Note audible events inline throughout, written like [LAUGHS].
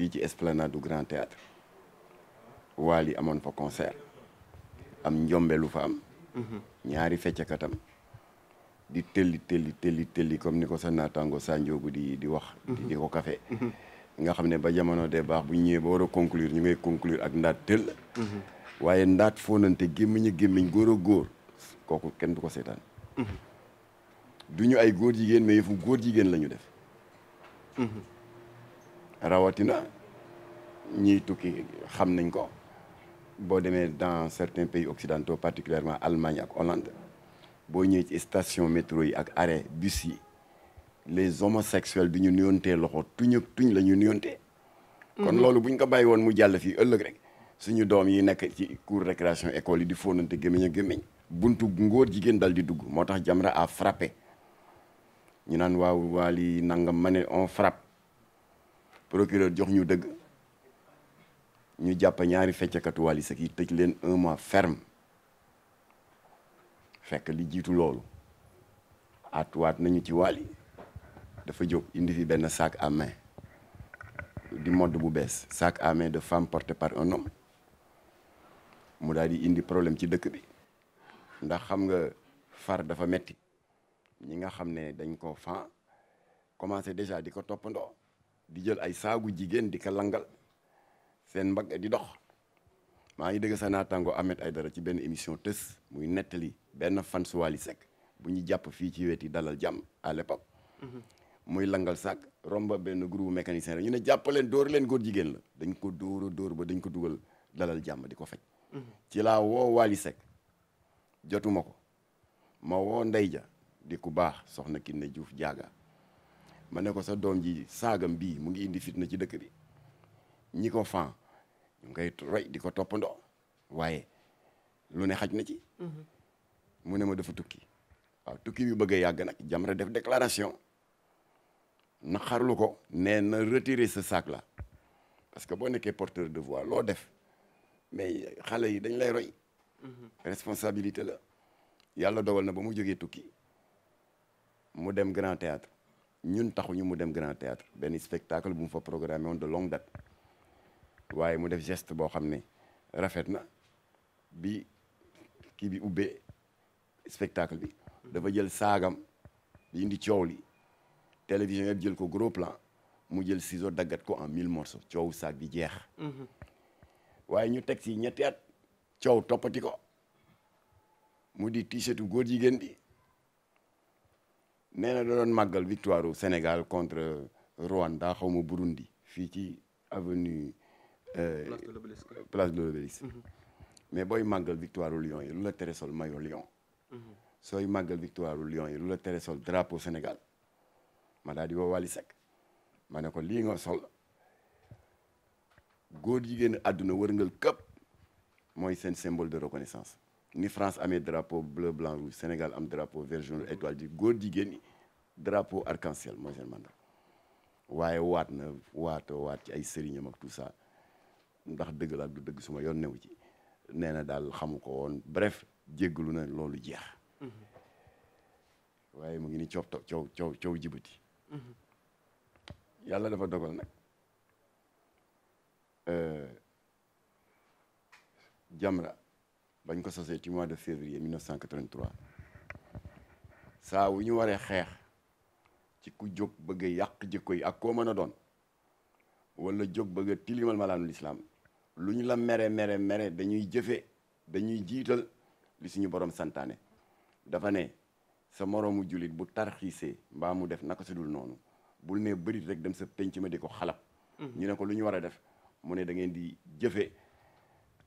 fii ci esplanade du grand théâtre Wally amoon fa concert am njombe fa am ñaari feccakatam di tëlli tëlli tëlli tëlli comme ni ko sa naataango sanjoogu di di wax di di ko café nga xam ne ba jamono de baax bu ñëwee ba war a conclure ñu ngay conclure ak ndaat tëll waaye ndaat foonante gémmiñ gémmiñ góor góor kooku kenn du ko seetaan mm-hmm. du ñu ay góor jigéen mais yëfu góor jigéen la def rawatina ñiy tukki xam nañ ko boo demee dans certains pays occidentaux particulièrement Allemagne ak Hollande boo ñëwee ci station métro yi ak arrêt bus yi les homosexuels bi ñu nuyoontee loxo tuñ tuñ la ñu nuyontee kon mhm. loolu buñ ko bàyyi woon mu jàll fii ëllëg rek suñu doom yi nekk ci cour récréation école yi di fóonante gémmiñ ak gémmiñ buntu ngóor jigéen dal di dugg moo tax Jamra a frappé ñu naan waaw waali nangam ma ne on frappe procureur jox ñu dëgg ñu jàpp ñaari feccakatu Wally Seck yi tëj leen un mois ferme fekk li jiitu loolu atuwaat nañu ci Wally dafa jóg indi fi benn sac à main di mode bu bees sac à main de femme portée par un homme mu daal di indi problème ci dëkk bi ndax xam nga far dafa metti ñi nga xam ne dañ koo fan commencé déjà di ko toppandoo di jël ay saagu jigéen di ko langal seen mbagg di dox maa ngi dëgg sa amet ay dara ci benn émission tës muy nettali benn fan su Wally Seck bu ñu jàpp fii ci weti dalal jàmm à l'époque mhm. muy langal saak romba benn groupe mécanicien rek ñu ne jàppaleen dóor leen góor jigéen la dañ ko dóora dóor ba dañ ko dugal dalal jàmm di ko faj mhm. ci laa woo Wally Seck jotuma ko ma woo Ndey di ku baax soxna Kiné Diouf jaaga ma ne ko sa doom ji saagam bii mu ngi indi fitna ci dëkk bi ñi ko fan ñu ngay roy di ko toppandoo waaye lu ne xaj na ci mm-hmm. mu ne ma dafa tukki waaw tukki bi bëggee yàgg nag Jamra def déclaration naqarlu ko nee na retirer sa saak la parce que boo nekkee porteur de voix loo def mais xale yi dañ lay roy mm-hmm. responsabilité la yàlla dogal na ba mu jógee tukki mu dem grand théâtre ñun taxuñu mu dem grand théâtre benn spectacle bu mu fa programmé woon de longue date waaye mu def geste boo xam ne rafet na bi kii bi ubbee spectacle bi dafa jël saagam di indi coow li télévision yëpp jël ko gros plan mu jël ciseau daggat ko en mille morceaux coowu saag bi jeex mhm. waaye ñu teg ci ñetti at coow toppati mu di t-shirtu góor jigéen bi nee na da doon màggal victoire u Sénégal contre euh, Rwanda xaw ma Burundi fii ci avenue. Euh, place de l'Obélisque mhm. mais booy màggal victoire u Lions yi lu la tere sol maillot Lion. Mhm. sooy màggal victoire u Lions yi lu la tere sol drapeau Sénégal ma daal di woo Wally Seck ma ne ko lii nga sol góor jigéen àdduna wërngal këpp mooy seen symbole de reconnaissance. ni France amee drapeau bleu blanc rouge Sénégal am drapeau vert étoile di góor jigéen drapeau arc en mooy seen mandat waaye waat na waata waat ci ay sëriñam ak tout ça ndax dëgg la du dëgg suma yoon new ci nee na daal xamu ko woon bref jéggalu na loolu jeex mm-hmm. waaye mu ngi ni coow coow coow coow jibati mm-hmm. yàlla dafa dogal nag euh, Jamra bañ ko sosee ci mois de février 1983 saa wu ñu waree xeex ci ku jóg bëgg yàq jikko yi ak koo mën a doon wala jóg bëgg a tilimal malaanu lislaam lu ñu la mere mere mere dañuy jëfe dañuy jiital li suñu borom santaane dafa ne sa moroomu jullit bu tarxiisee mbaa mu def naka su dul noonu bul nee bërit rek dem sa penc ma di ko xalab mhm. ñu ne ko lu ñu war a def mu ne da ngeen di jëfe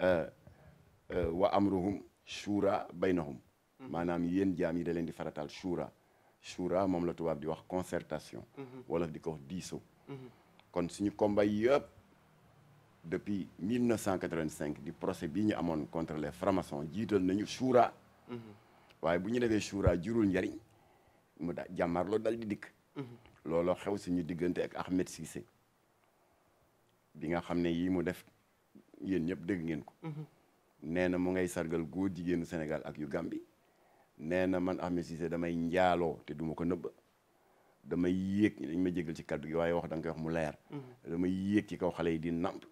euh, Euh, wa amruhum shura baynahum maanaam yéen jaam yi da leen di farataal shura shura moom la tubaab di wax concertation mhm. wolof di ko wax diisoo mhm. kon suñu combat yëpp depuis 1985 di procès bi ñu amoon contre les francs jiital nañu shura mhm. waaye bu ñu defee shura jurul njariñ mu da jàmmarloo dal di dikk looloo xew suñu diggante ak Ahmed Cissé bi xam ne yi mu def yéen ñëpp dégg ngeen ko nee na mu ngay sargal góor jigéenu senegal ak yu Gàmbi nee na man Ahmed Cissé damay njaaloo te duma ko nëbb damay yéeg dañ ma jégal ci kaddu gi waaye wax da wax mu leer mm-hmm. damay yéeg kaw xale yi di namp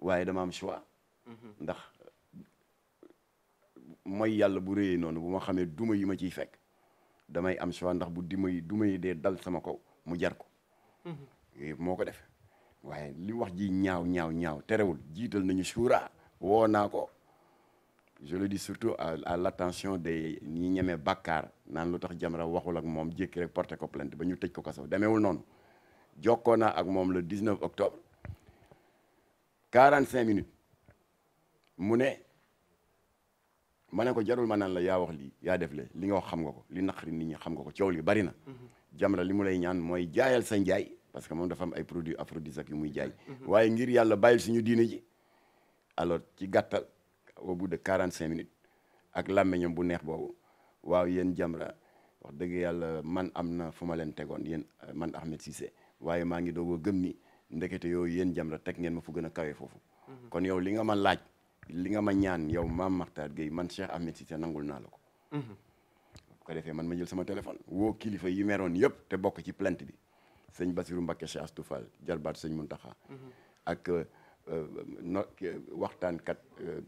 waaye dama am choix mm-hmm. ndax mooy yàlla bu rëyee noonu bu ma xamee duma yi ma ciy fekk damay am choix ndax bu dima yi duma yi dee dal sama kaw mu jar ko mm-hmm. eh, moo ko def waaye li wax ji ñaaw ñaaw ñaaw terewul jiital nañu suuraa woo naa ko je le dis surtout à à l'attention des ñi ñemee bàkkaar naan lu tax Jamra waxul ak moom jékki rek porté ko plainte ba ñu tëj ko kaso demeewul noonu jokkoo naa ak moom le 19 octobre 45 minutes mu ne ma ne ko jarul ma naan la yaa wax lii yaa def le li nga wax xam nga ko li naqari ni ñi xam nga ko coow li bari na. Mm-hmm. Jamra li mu lay ñaan mooy jaayal sa njaay parce que moom dafa am ay produits aphrodisiaques yu muy jaay. Mm-hmm. waaye ngir yàlla bàyyil suñu diine alors ci gàttal au bout de quarante cinq minutes ak làmmiñam bu neex boobu waaw yéen Jamra wax dëgg yàlla man am na fu ma leen tegoon yéen man Ahmed Cissé waaye maa ngi doog a gëm ni ndekete yooyu yéen Jamra teg ngeen ma fu gën a kawe foofu. Mhm. kon yow li nga ma laaj li nga ma ñaan yow maam Makhtar Gueye man Cheikh Ahmed Cissé nangul naa la ko. bu mhm. ko defee man ma jël sama téléphone woo kilifa yi meroon yëpp te bokk ci plant bi sëñ Basirou Mbacke Cheikh Astou Fall jarbaatu sëñ Muntaxa mhm. ak. Euh, Euh, no waxtaankat euh,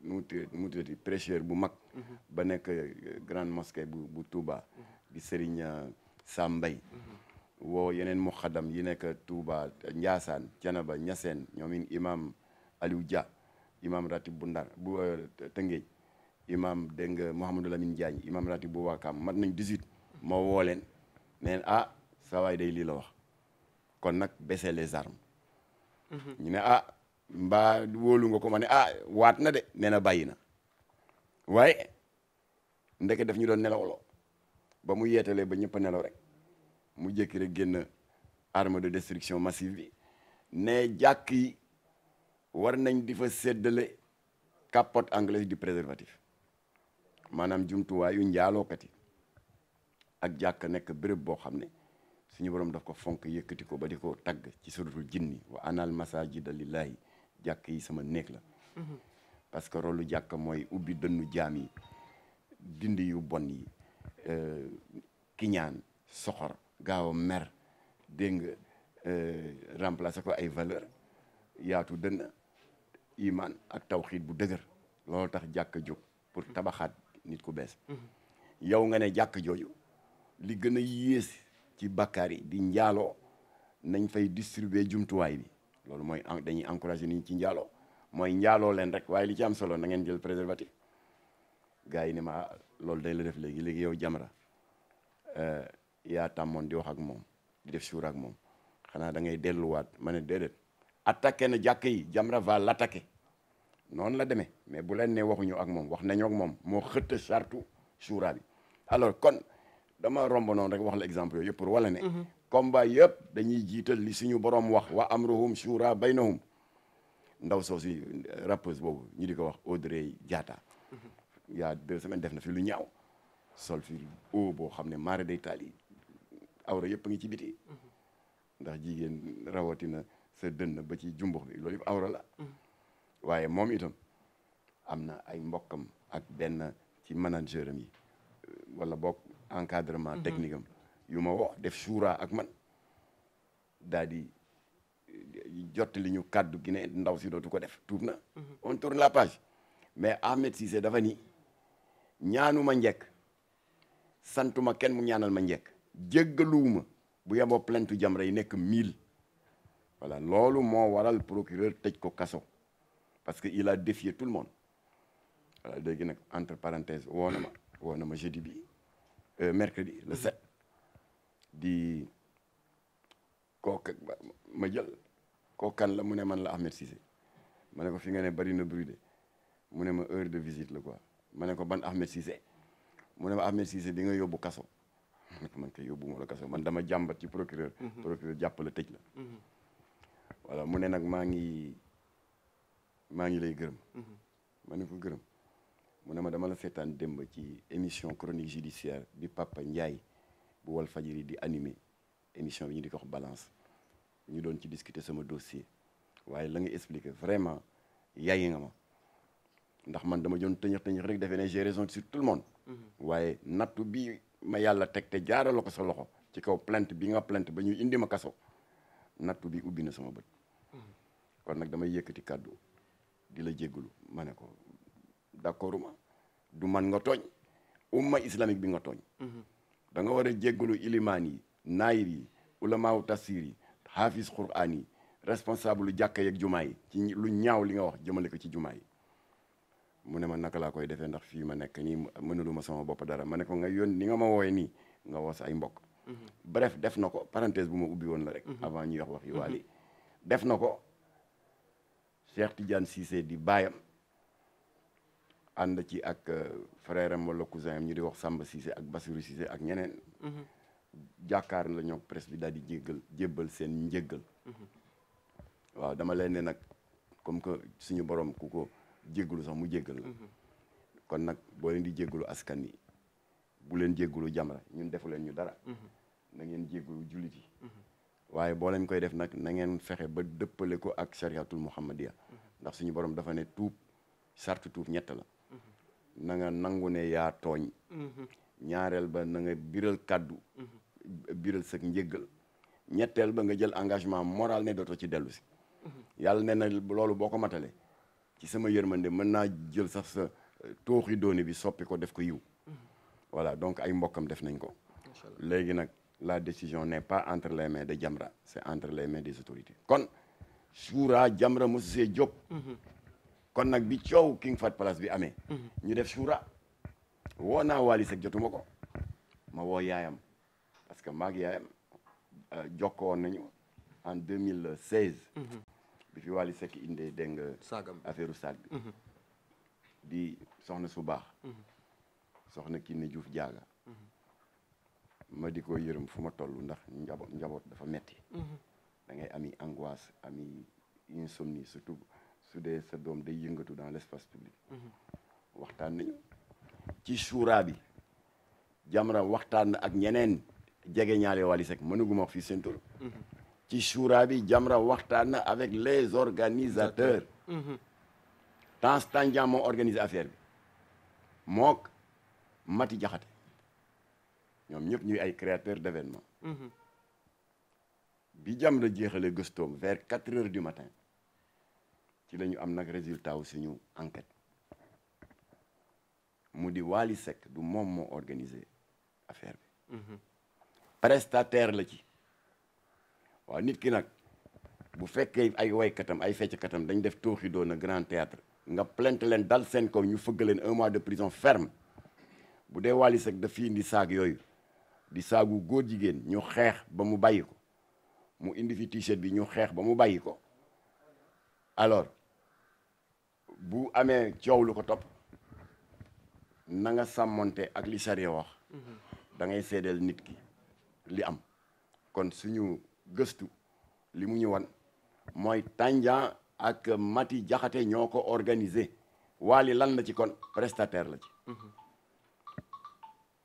nu mu tuddati bu mag. Mhm. ba nekk euh, grande mosquée bu bu Touba. Mhm. di Serigne Sambay. Mhm. woo yeneen muxadam yi nekk Touba Ndiassane Thiénaba Niassène ñoom in imam Aliou Dia imam ratib bu Ndar bu Tëngéej imam dégg nga Mouhamadou Lamine Diagne imam ratib bu Wakam mat nañ 18 moo woo leen neen ah saa day lii la wax kon nag baissez les armes. Mm-hmm. ñu ne ah mbaa wóolu nga ko ma ne ah waat na de nee na bàyyi na waaye ndeke daf ñu doon nelawloo ba mu yeetalee ba ñëpp nelaw rek mu jékki rek génn arme de destruction massive bi ne jàkk yi war nañ di fa séddale capote anglaise du préservatif maanaam jumtuwaayu jaaloo kati ak jàkk nekk béréb boo xam ne suñu borom daf ko fonk yëkkati ko ba di ko tagg ci suratul jinni wa anal masajida lillahi jàkk yi sama néeg la mhm. parce que rolu jàkk mooy ubbi dënnu jaam yi dindi yu bon yi euh, kiñaan soxor gaaw a mer dégg nga euh, remplacer ko ay valeur yaatu dënn iman ak tawxiid bu dëgër loolu tax jàkk jóg pour mhm. tabaxaat nit ku bees mhm. yow nga ne jàkk jooju li gën a yées ci bàkkaar yi di njaaloo nañ fay distribuer jumtuwaay bi loolu mooy dañuy encourager nit ci njaaloo mooy njaaloo leen rek waaye li ci am solo nangeen ngeen jël préservatif gars yi ne ma loolu day la def léegi léegi yow Jamra euh, yaa tamoon di wax ak moom di def suur ak moom xanaa da ngay delluwaat ma ne déedéet attaqué na jàkk yi Jamra va l'attaquer noonu la demee mais bu leen ne waxuñu ak moom wax nañoo moom moo xëtt sartu suura alors kon dama romb noonu rek wax la exemple yooyu yëpp pour wala ne. Mhm. combat yëpp dañuy jiital li suñu borom wax wa amruhum shura baynahum ndaw soo si rappeuse boobu ñu di ko wax Audrey Diatta. il mhm. y a deux def na fi lu ñaaw sol fi o boo xam ne mara day taal yi awra yëpp ngi ci biti. Mhm. ndax jigéen rawatina sa dënn ba ci jumbux bi loolu yëpp awra la. waaye moom itam am na ay mbokkam ak benn ci manager am yi wala bokk. encadrement mhm. technique yu ma wax def suura ak man daal di jot li ñu kàddu gi ne ndaw si dootu ko def tuub na mhm. on tourne la page mais Ahmed Cissé dafa ni ñaanu ñaanuma njekk ma kenn mu ñaanal ma njekk jéggaluwuma bu yeboo plainte Jamra yi nekk mille voilà loolu moo waral procureur tëj ko kaso parce que il a défié tout le monde voilà léegi nag entre parenthèse woo na ma woo bi Euh, mercredi le set di kooku ma jël kooku la mu ne man la Ahmed Cissé ma ne ko fi nga ne bari na brûlé mu ne ma heure de visite la quoi ma ne ko ban Ahmed Cissé mu ne ma Ahmed Cissé di nga yóbbu kaso ma ne ko man kay yóbbu ma la kaso man dama jàmbat ci procureur. Mhm. procureur jàpp la tëj la. Mhm. voilà mu ne nag maa ngi maa ngi lay gërëm. Mhm. ma ne ko gërëm. mu ne ma dama la seetaan démb ci émission chronique judiciaire bi Papa Ndiaye bu wal fajiri di animé émission bi ñu di ko wax balance ñu doon ci discuter sama dossier waaye la nga expliqué vraiment yaayi nga ma ndax man dama joon tëñëx tëñëx rek defee ne j'ai surtout le monde mhm. waaye nattu bi ma yàlla teg te jaarale ko sa loxo ci kaw plainte bi nga plainte ba ñu indi ma kaso nattu bi ubbi na sama bët mhm. kon nag damay yëkkati kàddu di la jéggulu ma ne ko d'accord ma du man nga tooñ umma islamique bi nga tooñ mhm. da nga war a jéggalu ilimaan yi naayir yi ulamaawu tafsir yi hafiz quraan yi responsable jàkka yeeg jumaa yi lu ñaaw li nga wax jëmale ko ci jumaa yi mu ne ma naka laa koy defee ndax fii ma nekk nii mënulu ma sama bopp dara ma ne ko nga yoon ni nga ma woowee nii nga woo sa ay mbokk mhm. bref def na ko parenthèse bu ma ubbi woon la rek mhm. avant ñuy wax wax yi waali def na ko Cheikh Tidiane Cissé di baayam ànd ci ak euh, frère am wala cousin am ñu di wax sàmba Cissé ak Bassirou Cissé ak ñeneen. Mhm. jàkkaar la ñoo presse daal di jéggal jébbal seen njéggal. Mhm. waaw dama leen ne nag comme que suñu borom ku ko sax mu jéggal la. Mhm. kon nag boo leen di jéggalu askan wi bu leen jéggalu Jamra ñun defu leen ñu dara. na ngeen jéggalu jullit yi. waaye boo leen koy def nag na ngeen fexe ba dëppale ko ak shariatul muhammadiya ndax suñu borom dafa ne tuub sartu tuub ñett la. nanga nga nangu ne yaa tooñ mhm. ñaareel ba nanga nga biral kàddu mhm. biral sa njëggal ñetteel ba nga jël engagement moral ne dootoo ci dellu si mhm. yàlla ne na loolu boo ko matalee ci sama yërmande mën naa jël sax sa euh, tooxi doone bi soppi ko def ko yiw voilà donc ay mbokkam def nañ ko léegi nag la décision ne pas entre les mains de Jamra c'est entre les mains des autorités kon Soura Jamra mosu see jóg kon nag bi coow King Fat Palace bi amee. Mhm. ñu def suura woo naa Wally Seck jotuma ko ma woo yaayam parce que maag yaayam euh, jokkoo woon nañu en 2016. Mhm. bi fi Wally Seck indee dégg nga. saag mhm. di soxna su baax. soxna Kiné Diouf Diaga. ma di ko yërëm fu ma ndax njaboot njaboot dafa metti da ami angoisse ami insomnie surtout. su dee sa doom day yëngatu dans l'espace public mhm. waxtaan nañu ci suuraa bi Jamra waxtaan na ak ñeneen jege ñaale Wally Seck mënuguma wax fii seen tur mhm. ci suuraa bi Jamra waxtaan na avec les organisateurs mhm. Tange Tandian moo organisé affaire bi mook Mati Jaxate ñoom ñëpp ñuy ay créateurs d'événements bi Jamra jeexale gëstoom vers quatre heures du matin ci la ñu am nag résultat wu suñu enquête mu di Wally Seck du moom moo organisé affaire bi mhm. prestataire la ci waaw nit ki nag bu fekkee ay waykatam ay fecckatam dañ def tooxi doon a grand théâtre nga plainte leen dal seen kaw ñu fëgg leen un mois de prison ferme bu dee Wally Seck daf fi indi saag yooyu di saagu góor jigéen ñu xeex ba mu bàyyi ko mu indi fi t-shirt bi ñu xeex ba mu bàyyi ko alors bu amee coow lu ko topp na nga ak li sariya wax mm-hmm. da ngay seedeel nit ki li am kon suñu gëstu li mu ñu wan mooy Tandian ak Mati Jaxate ñoo ko organisé Wally lan la ci kon prestataire la ci yi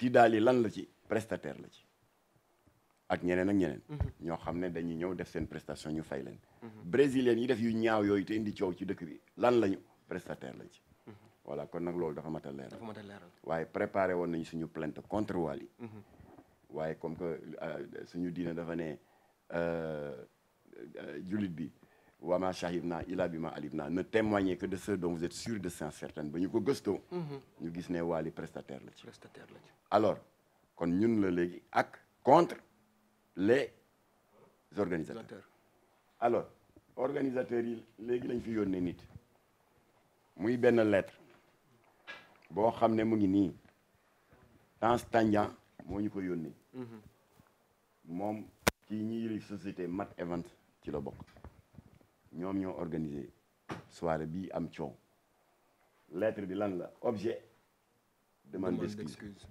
mm-hmm. lan la ci prestataire la ci ak ñeneen ak ñeneen mm-hmm. ñoo xam ne dañu ñëw def seen prestation ñu fay leen brésilien yi def yu ñaaw yooyu te indi coow ci dëkk bi lan lañu prestataire lañ ci. voilà kon nag loolu dafa mat a leeral. dafa a leeral waaye préparé woon nañu suñu plainte contre Wally. Mhm. waaye comme que euh, suñu diine dafa ne euh, euh, jullit bi. waama shahib naa ilaa bi ma alib naa ne témoignez que de ce dont vous êtes sûr de science certaine ba ñu ko gëstoo. Mhm. ñu gis ne Wally prestataire la ci. prestataire kon ñun la léegi ak contre les organisateurs. alors organisateurs yi léegi lañ fi yónnee nit. muy benn lettre boo xam ne mu ngi nii Tange Tandian moo ñu ko yónni moom ci ñi société Mat Event ci la bokk ñoom ñoo organisé soire bii am coow lettre bi lan la objet demande d'excuse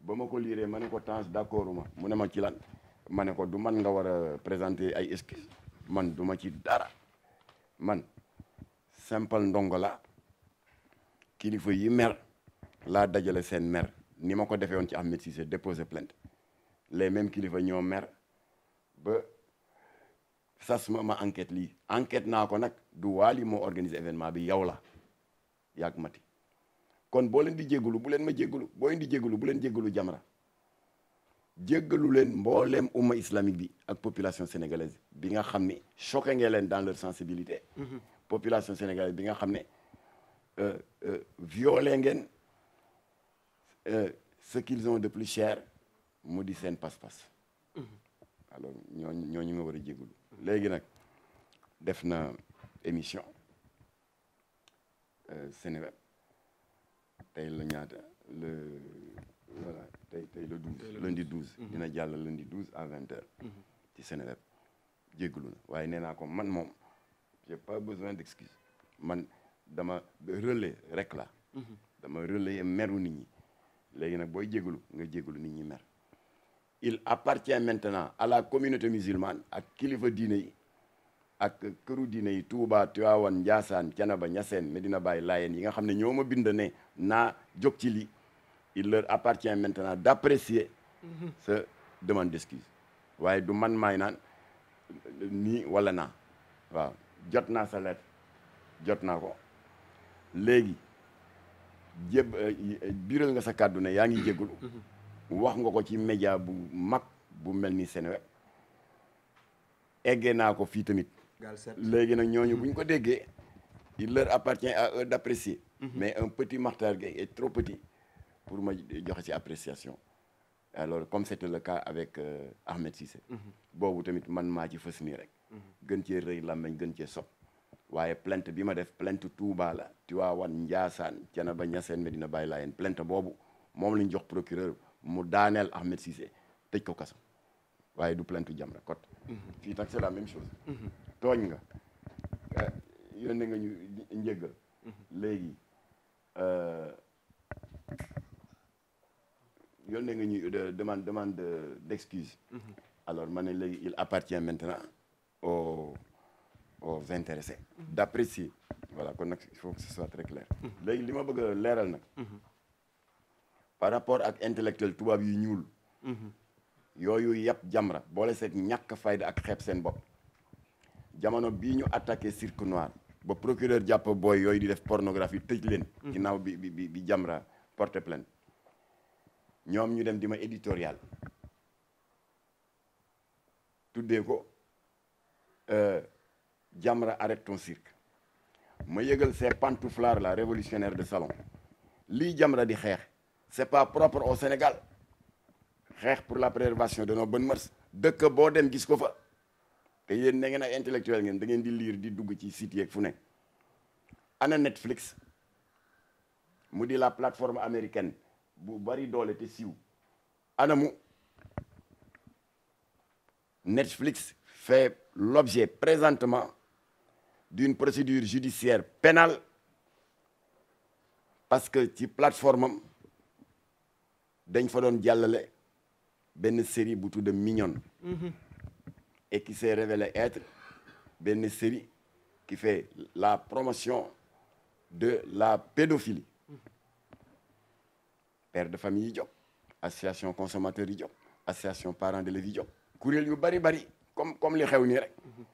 ba ma ko liiree ma ne ko Tange d'accordu ma mu ne ma ci lan ma ne ko du man nga war a présenter ay excuse man duma ci dara man simple ndongo la kilifa yi mer laa dajale seen mer ni ma ko defee woon ci Ahmed Cissé déposé plainte les mêmes kilifa ñoo mer ba sas ma ma enquête lii enquête naa ko nag du waali moo organisé événement bi yow la yàgg mati kon boo leen di jégalu bu leen ma jégalu boo indi di bu leen jégalu Jamra jéggalu leen mbooleem umma islamique bi ak population sénégalaise bi nga xam ni choqué ngeen leen dans leur sensibilité mm-hmm. population sénégalaise bi nga xam ne Euh, euh, violé ngeen euh, ce qu'ils ont de plus cher mu di seen passe-passe mhm. alors ñooñu ñooñu nga war a jégalu léegi nag def na émission Seneweb tey la ñaata le voilà tey tey le 12 lundi 12 mhm. dina jàll lundi 12 à 20 heures mhm. ci Seneweb jégalu na waaye nee naa ko man moom j'ai pas besoin d'excuse dama relais rek la mhm. dama relais meru ni ñi léegi nag booy jégalu nga jégalu nit ñi mer il appartient maintenant à la communauté musulmane ak kilifa diine yi ak këru diine yi Touba Tivaouane Ndiassane ba Niassène Medina Baye Layène yi nga xam ne ñoo ma bind ne naa jóg ci lii il leur appartient maintenant d'apprécier sa mhm. demande d'excuse waaye du man maay naan nii wala naa waaw jot naa sa lettre jot naa léegi jéb eh, biral nga sa kàddu ne yaa ngi jégalu mm-hmm. wax nga ko ci média bu mag bu mel ni Seneweb eggee naa ko fii tamit léegi nag ñooñu bu ko déggee il leur appartient à eux d'apprécier mm-hmm. mais un petit Makhtar Gueye est trop petit pour ma joxe ci appréciation alors comme c'était le cas avec euh, Ahmed Cissé mm-hmm. boobu tamit man maa ci fës nii rek gën cee rëy làmmeñ gën cee sopp waaye plant bii ma def plainte Touba la Tiwaawan Njaasaan Thiénaba Ñaseen Medina Baye Laayeen plainte boobu moom lañ jox procureur mu daaneel Ahmed Cissé tëj ko kaso waaye du plainte Jamra Kot mhm. fii tax c'est la même chose mhm. tooñ nga euh, yónnee nga ñu njëggal mhm. léegi euh, yónnee nga ñu euh, demande de d'excuse alors ma ne léegi il appartient maintenant au aux intéressés d'apprécier voilà kon nag il faut que ce soit très clair léegi li ma bëgg leeral nag par rapport ak intellectuel tubaab yu ñuul yooyu yàpp Jamra boole seeg ñàkk fayda ak xeeb seen bopp jamono bii ñu attaqué cirque noir ba procureur jàpp booy yooyu di def pornographie tëj leen ginnaaw bi bi bi Jamra porté plainte ñoom ñu dem di ma éditorial tuddee ko euh, Jamra arrête ton cirque ma yëgal ces pantouflards là révolutionnaires de salon lii Jamra di xeex c'est pas propre au Sénégal xeex pour la préservation de no bonnes mœurs dëkk boo dem gis ko fa te yéen na ngeen ay intellectuel ngeen dangeen di liir di dugg ci site yeeg fu ne ana Netflix mu di la plateforme américaine bu bari doole te siiw ana mu Netflix fait l'objet présentement d'une procédure judiciaire pénale parce que ci plateforme dañ fa doon jàllale benn série bu tudd Mignonne mhm. et qui s'est révélé être benn série qui fait la promotion de la pédophilie père de famille yi jóg association consommateur yi jóg association parents d'élèves yi jóg kuréel yu bari bari comme comme li xew nii rek mhm.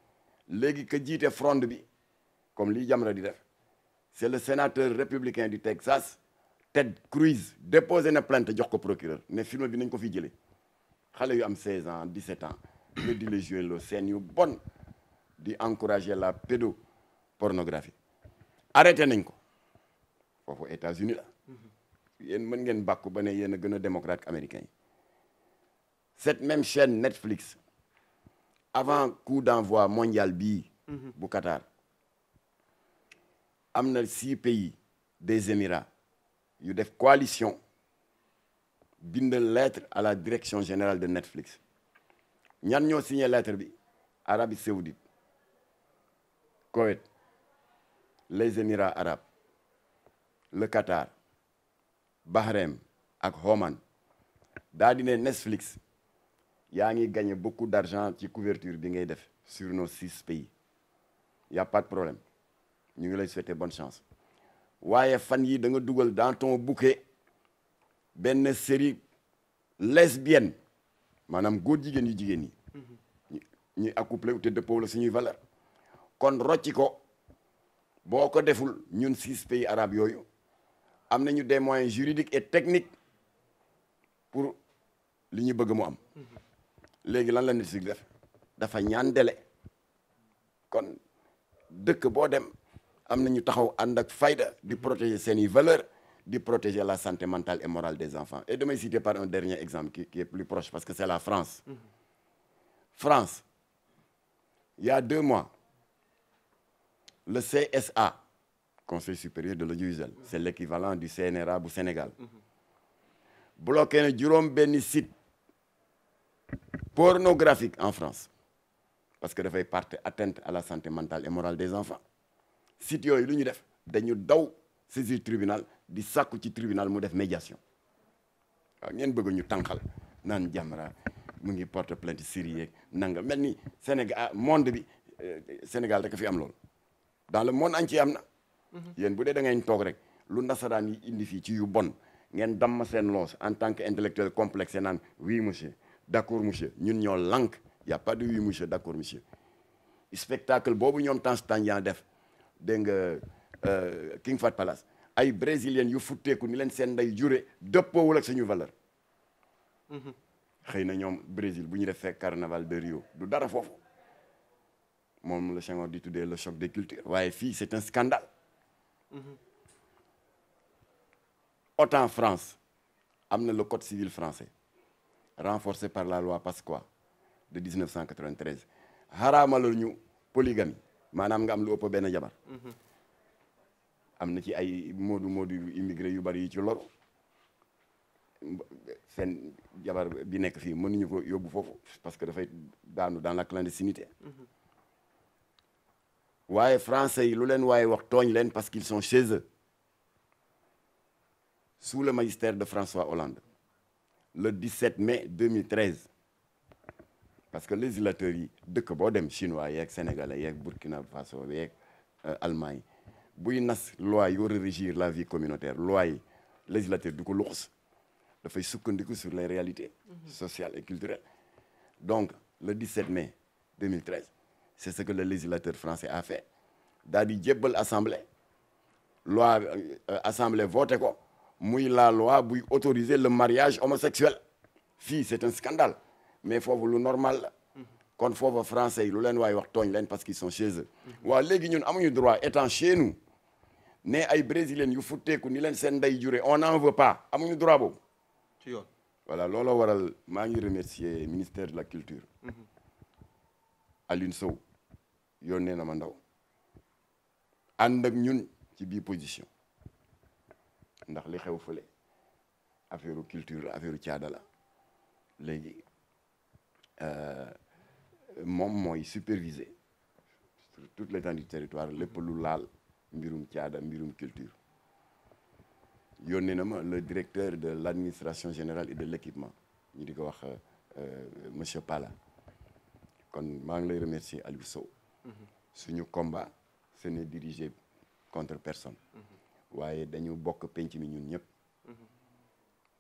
léegi ka jiite fronde bi comme li Jamra di def c'est le sénateur républicain du Texas Ted Cruz déposé na plante jox ko procureur ne film bi nañ ko fi jëlee xale yu am 16 ans 17 ans nga di la jouer seen scène yu bon di encourager la pédopornographie arrêté nañ ko foofu États-Unis la yéen mën ngeen bàkku ba ne yéen a gën a démocrate américain yi cette chaine chaîne Netflix avant coup d'envoi mondial bii mhm. bu Qatar am na six pays des Émirats yu def coalition bindal lettre à la direction générale de Netflix ñan ñoo signé lettre bi arabi Saoudite Koweït les Émirats arabes le Qatar Bahreïn ak Oman daa di ne Netflix yaa ngi gagné beaucoup d'argent ci couverture bi ngay def sur nos six pays y pas de problème ñu ngi lay souhaiter bonn chance waaye fan yi danga dugal dans ton bouquet benn série lesbienne maanaam góor jigéen yu jigéen yi ñu ñuy accouplé dëppoo la suñuy valeur kon rocci ko boo ko deful ñun six pays arabes yooyu am nañu des moyens juridiques et technique pour li ñu bëgg mu am mhm. léegi lan la nit si def dafa ñaan délai kon dëkk boo dem am na ñu taxaw ànd ak fayda di protéger seeni valeur di protéger la santé mentale et morale des enfants et damay citer par un dernier exemple qui, qui est plus proche parce que c'est la France mmh. France il deux mois le CSA Conseil supérieur de l'audiovisuel mmh. c'est l'équivalent du CNRA bu Sénégal mmh. bloqué na juróom benn site pornographique en France parce que dafay parti atteinte à la santé mentale et morale des enfants site yooyu lu ñu def dañu daw saisir tribunal di sàkku ci tribunal mu def médiation a ngeen bëgg ñu tànqal naan Jamra mu ngi porte plainte Syrie nanga mel ni Sénégal ah, monde bi euh, Sénégal rek fi am loolu dans le monde entier am na mhm. yéen bu dee da ngeen toog rek lu nasaraan yi indi fii ci yu bon ngeen damm seen loos en tant que intellectuel complexe naan oui monsieur d'accord monsieur ñun ñoo lànk y a pas de oui monsieur d'accord monsieur spectacle boobu ñoom temps temps def dégg nga euh, King Fahd Palace ay brésiliennes yu futteeku ni leen seen nday jure dëppoowul ak suñu valeur xëy na ñoom Brésil bu ñu def fekk carnaval de Rio du dara foofu moom la Senghor di tuddee le choc des cultures waaye fii c'est un scandale autant France am na le code civil français renforcé par la loi Pasqua de 1993 xaraamaloon ñu polygamie maanaam nga am lu ëpp benn jabar mhm. am na ci ay moodu moodu immigré yu bari yi ci loru seen jabar bi nekk fii mënuñu ko yóbbu foofu parce que dafay daanu dans la clandestinité mhm. waaye français yi lu leen waaye wax tooñ leen parce que sont chez eux sous le magistère de François Hollande le 17 mai 2013 parce que législateurs yi dëkk boo dem chinois yeeg sénégalais yeeg burkina faso yeeg euh, allemand yi buy nas loi yi war régir la vie communautaire loi yi législateur du ko luxus dafay sukkandiku sur les réalité social et culturelles donc le 17 mai 2013 c'est ce que le législateur français a fait daal di jébbal assemblée loi euh, assemblée voté ko muy la loi buy autoriser le mariage homosexuel fii c'est un scandale mais foofu lu normal la kon foofu français lu leen waay wax tooñ leen parce qu'ils son chez waa léegi ñun amuñu droit étant chez nous ne ay brésiliens yu futteeku ni leen seen ndey jure on n'en veut pas amuñu droit boobu ci yoon voilà looloo waral maa ngi remercier ministère de la culture mm-hmm. Alioune Sow yónnee na ma ndaw ànd ak ñun ci bii position ndax li xew fële affaire culture affaire caada la léegi Euh, moom mooy superviser sur toute l'étendue du territoire lépp lu laal mbirum caada mbirum culture yónnee na ma le directeur de l'administration générale et de l'équipement ñu di ko wax euh, euh, monsieur Pala kon maa ngi lay remercier Aliou Sow mm-hmm. suñu combat ce n'est dirigé contre personne mm-hmm. waaye dañu bokk penc mi ñun ñëpp mm-hmm.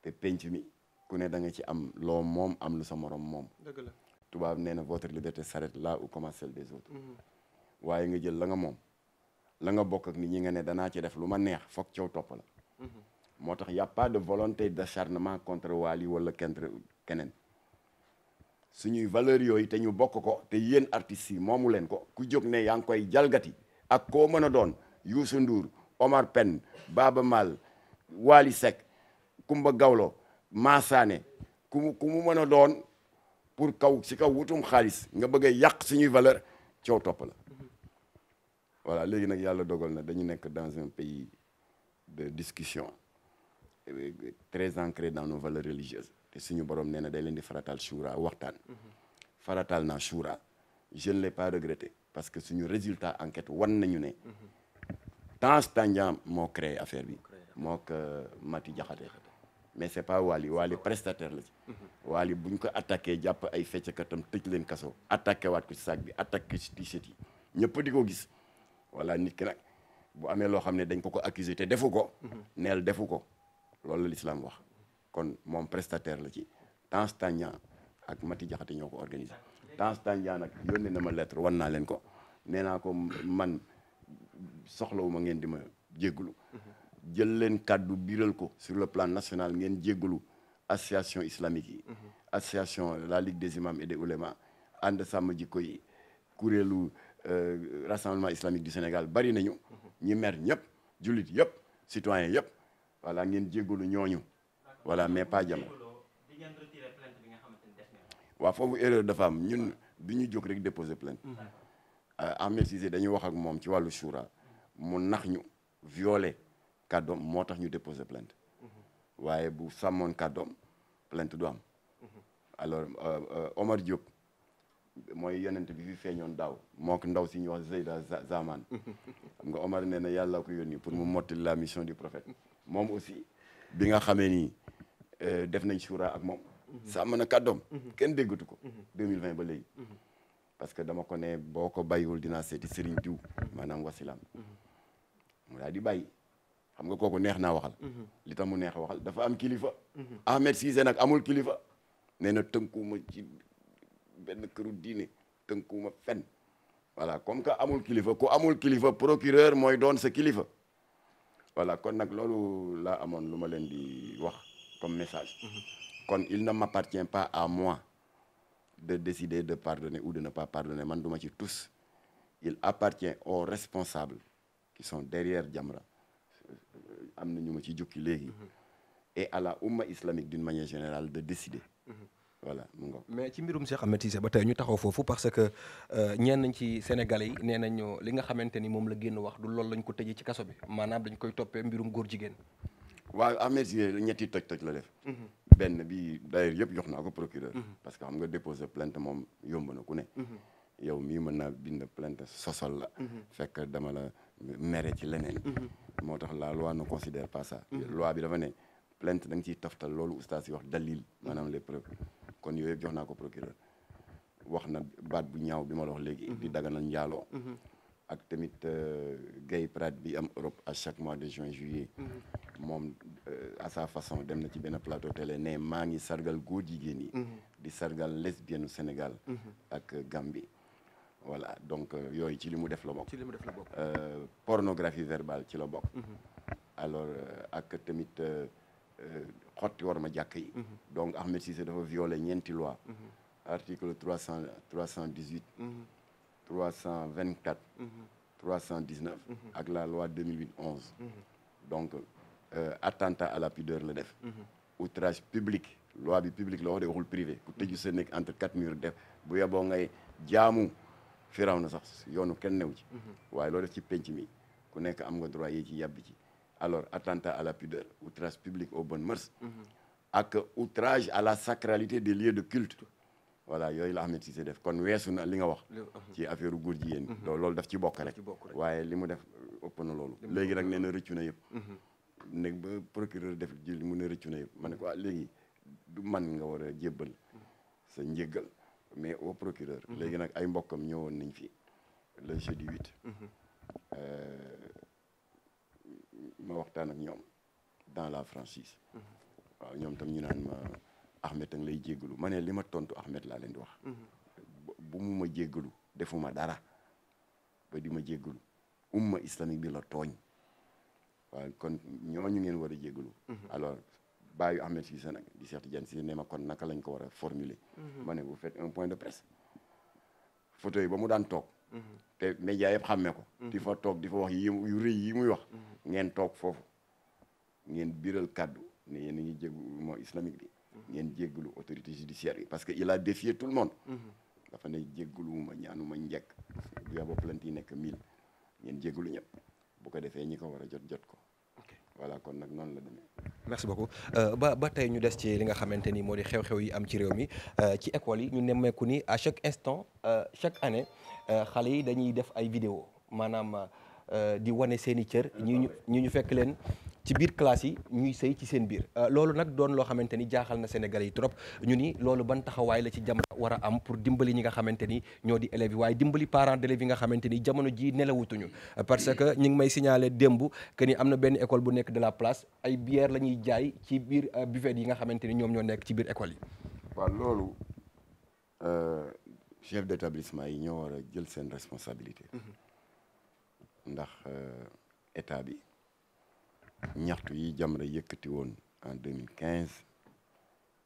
te penc mi ku ne da nga ci am loo moom am lu sa moroom moom. dëgg tubaab nee na votre liberté s'arrête la où commence celle des autres. Mm-hmm. waaye nga jël la nga moom la nga bokk ak nit ñi nga ne danaa ci def lu ma neex foog coow topp mm-hmm. moo tax y' a pas de volonté d'acharnement contre Wally wala contre keneen suñuy valeur yooyu te ñu bokk ko te yéen artistes yi moomu leen ko ku jog ne yaa ngi koy jalgati ak koo mën a doon Youssou Ndour Omar Pène Baaba Maal Wally Seck Kumba Gawlo. maasaane ku mu ku mu mën a doon pour kaw si kaw wutum xaalis nga bëgg a yàq suñuy valeur coow topp la léegi nag yàlla dogal na dañu nekk dans un pays de discussion euh, très ancré dans nos valeurs religieuses te suñu borom nee na day leen di faratal shura waxtaan faratal naa shura je ne pas regretté parce que suñu résultat enquête wan nañu ne mhm. Tange Tandian moo créé affaire bi moo ko euh, Mati Jaxate mais c'est pas Wally Wally prestateur la ci. Mhm. Wally bu ñu ko attaqué jàpp ay fecckatam tëj leen kaso attaqué waat ko ci saag bi attaqué ci t-shirt ñëpp di ko gis voilà nit ki nag boo amee loo xam ne dañ ko ko accusé te defu ko. Mhm. neel defu ko loolu la l'islam wax kon moom prestataire la ci Tange Tandian ak Mati Jaxate ñoo ko organisé Tange Tandian nag yónnee na ma lettre wan naa leen ko nee naa ko man soxlawuma ngeen di ma jégglu mhm. jël leen kàddu biral ko sur le plan national ngeen jéggalu association islamique yi mhm. association la ligue des imams et des oulémas ànd sàmm jikko yi kuréelu euh, rassemblement islamique du Sénégal bari nañu mhm. ñi mer ñëpp jullit yëpp citoyen yëpp voilà ngeen jéggalu ñooñu voilà mais pas jam waaw foofu erreur dafa am ñun bi ñu jóg rek déposer plainte euh, Ahmed Cissé dañu wax ak moom ci wàllu choura mhm. mu nax ñu violé kàddoom moo tax ñu déposé plainte waaye bu sàmmoon kàddoom plainte du am alors euh, euh, Omar Diop mooy yonent bi fi feeñoon daaw moo ko ndaw si ñu wax Zeyda Zaman xam nga Omar nee na yàlla ko yónni pour mu mottali la mission du prophète moom aussi bi nga xamee ni euh, def na suura ak moom sàmm na kàddoom kenn déggatu ko 2020 ba léegi parce que dama ko ne boo ko bàyyiwul dinaa seeti Serigne Diw maanaam wasilam mu daal di bàyyi xam nga kooku neex naa waxal. Mm-hmm. li tax mu neex a waxal dafa am kilifa. Mm-hmm. Ahmed Cissé nag amul kilifa. nee na tënkuwuma ci benn këru diine tënkuwuma fenn voilà comme que amul kilifa ku amul kilifa procureur mooy doon sa kilifa. voilà kon nag loolu laa amoon lu ma leen di wax comme message. Mm-hmm. kon il ne m'appartient pas à moi de décider de pardonner ou de ne pas pardonner man duma ci tous il appartient aux responsables qui sont derrière Jamra. am na ñu ma ci jukki léegi mhm. et à la umma islamique d'une manière générale de décider mhm. voilà mu ngoog mais ci mbirum see Ahmed ba tey ñu taxaw foofu parce que euh, ñenn ci Sénégalais yi nee nañu li nga xamante ni moom la génn wax du lool lañ ko tëjee ci kaso bi maanaam dañ koy toppee mbirum góor jigéen waaw Ahmed Cissé ñetti toj-toj la def mhm. benn bi d'ailleurs yëpp jox naa ko procureur parce que xam nga déposer plainte moom yomb na ku ne yow mii mën naa bind plainte sosol la. Mhm. fekk dama la mere ci leneen. Mhm. moo tax la loi ne considère pas ça. Mhm. loi bi dafa ne plainte da nga ciy toftal loolu ustaas yi wax dalil maanaam les preuves kon yooyu jox naa ko procureur wax na baat bu ñaaw bi ma la léegi. di daganal njaaloo ak tamit euh, gay pride bi am Europe à chaque mois de juin juillet. moom euh, à sa façon dem na ci benn plateau télé ne maa ngi sargal góor jigéen yi. di sargal lesbienne Sénégal. ak gam bi voilà donc euh, yooyu ci li mu def la bokk. ci li mu def la bokk. Euh, pornographie verbale ci la bokk. Mhm. alors euh, ak tamit xotti war ma jàkk yi. Mhm. donc Ahmed Cissé dafa violé ñeenti mhm. cent trois cent dix huit. trois cent vingt quatre. trois cent dix neuf. ak la loi deux mille attentat à la pudeur la def. outrage public loi bi public la wax de waxul privé. ku tëju sa nekk entre quatre murs def bu yeboo ngay jaamu. firaw na sax yoonu kenn new ci mhm. waaye loo def ci penc mi ku nekk am nga droit yi ci yàbbi ci alors attentat à la pudeur outrage public aux bonnes mœurs mhm. ak outrage à la sacralité des lieux de culte voilà yooyu la Ahmed Cissé def kon weesu na li nga wax mhm. ci affaire góor jigéen bi loolu daf ci bokk rek waaye li mu def ëpp na loolu léegi nag nee na rëccu na yëpp ne ba procureur def li mu ne rëccu na yëpp ma ne ko ah, léegi du man nga war a jébbal sa njéggal mais au procureur. Mhm. léegi nag ay mbokkam ñëwoon nañ fi le jeudi huit. Mhm. Euh, ma waxtaan ak ñoom dans la franchise. Mhm. waaw ñoom tam ñu naan ma Ahmed tam lay jéggalu ma ne li ma tontu Ahmed laa leen di wax. bu mu ma jéggalu defuma dara ba di ma jéggalu umma islamique bi la tooñ. waaw kon ñooñu ngeen war a jéggalu. bàyyi Ahmed Cissé nag di Cheikh Tidiane Cissé kon naka lañ ko war a formuler. Mhm. ma ne vous faites un point de presse. photo ba mu daan toog. Mhm. te média yëpp xàmmee ko. Mhm. di toog di wax yu rëy yi muy wax. ngeen toog foofu ngeen biral kàddu ne yéen a ngi jéggu mouvement islamique bi. ngeen jéggulu autorité judiciaire parce que il a défié tout le monde. dafa ne jégguluwuma ñaanuma njekk. bu yaboo plainte yi nekk mille ngeen jéggulu ñëpp bu ko defee ñi war a jot jot ko. voilà kon nag noonu la demee. merci beaucoup euh, ba ba tey ñu des ci li nga xamante ni moo di xew-xew yi am ci réew mi euh, ci école yi ñu nemmeeku nii à chaque instant euh, chaque année xale yi dañuy def ay vidéo maanaam. Euh, di wane seen i cër ñu ñu ñu fekk leen ci biir classe yi ñuy sëy ci seen biir euh, loolu nag doon loo xamante ni jaaxal na Sénégalais yi trop ñu ni loolu ban taxawaay la ci jamono war a am pour dimbali ñi nga xamante ni ñoo di élèves yi waaye dimbali parent d'élèves yi nga xamante ni jamono jii nelawutuñu parce que ñu ngi may signaler démb que ni am na benn école bu nekk de la place ay bière la ñuy jaay ci biir euh, buffet yi nga xamante ni ñoom ñoo nekk ci biir école yi waaw loolu chef d'établissement yi ñoo war jël seen responsabilité mm-hmm. ndax euh, état bi ñaxtu yi Jamra yëkkati woon en 2015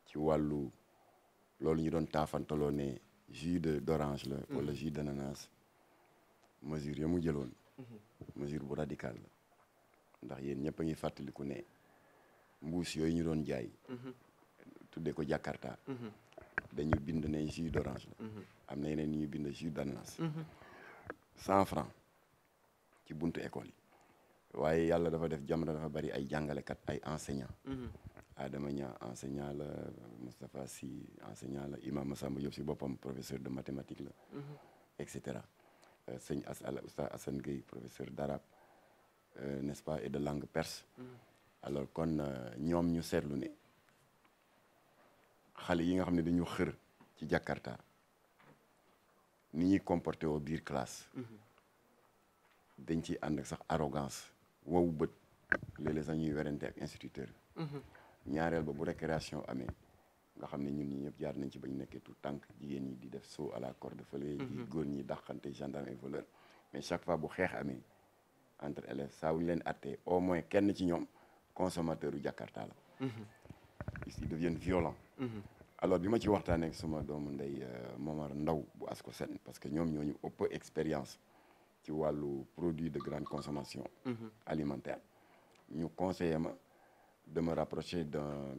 ci wallu loolu ñu doon taafantaloo ne jus de d'orange la mm. wala jus d'ananas mesure ya mu jëloon mm-hmm. mesure bu radicale la ndax yéen ñëpp ngi fàttaliku ne mbuus yooyu ñu doon jaay mm-hmm. tuddee ko Jakarta mm-hmm. dañu bind ne jus d'orange la am na yeneen ñu bind jus d'ananas cent francs ci buntu école yi waaye yàlla dafa def jamono dafa bari ay jàngalekat ay enseignant mhm. Adama Niang enseignant la Moustapha Sy enseignant la Imam Massamba Diop si boppam professeur de mathématiques la mhm. et cetera euh, sëñ as al professeur d'arabe euh, nest pas et de langue perse mhm. alors kon euh, ñoom ñu seetlu ne xale yi nga xam ne dañu xër ci Jakarta ni ñuy comporté woo classe dañ ciy ànd ak sax arrogance wowu bët léeg-léeg sax ñuy werante ak instituteur mhm. ñaareel ba bu récréation amee nga xam ne ñun ñi ñëpp jaar nañ ci bañ nekkee tout tànk jigéen ñi di def saut a la corde fële mhm. di góor ñi dàqante gendarme et voleur mais chaque fois bu xeex amee entre élèves saa wu ñu leen attee au moins kenn ci ñoom consommateur u Jakarta la mhm. ils deviennent violents alors bi ma ci waxtaanee ak suma doomu ndey euh, Momar Ndaw bu Asko Sen parce que ñoom ñooñu ëpp expérience ci wàllu produit de grande consommation mhm. alimentaire ñu conseillé ma de me rapprocher d'un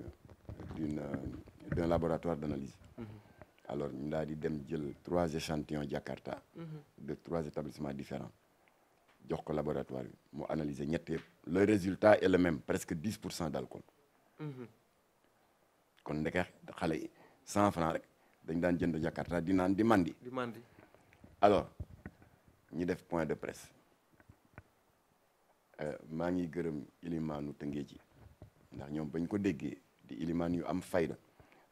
d'une laboratoire d'analyse mhm. alors ñu daal di dem jël trois échantillons Jakarta mhm. de trois établissements différents jox ko laboratoire bi mu analyser ñett yëpp le résultat est presque dix pour cent d'alcool kon ndeke xale yi cent francs rek dañ daan jënd Jakarta di naan di mandi mandi alors ñu def point de presse euh, maa ngi gërëm ilimaanu tëngee ndax ñoom bañ ko déggee di ilimaan yu am fayda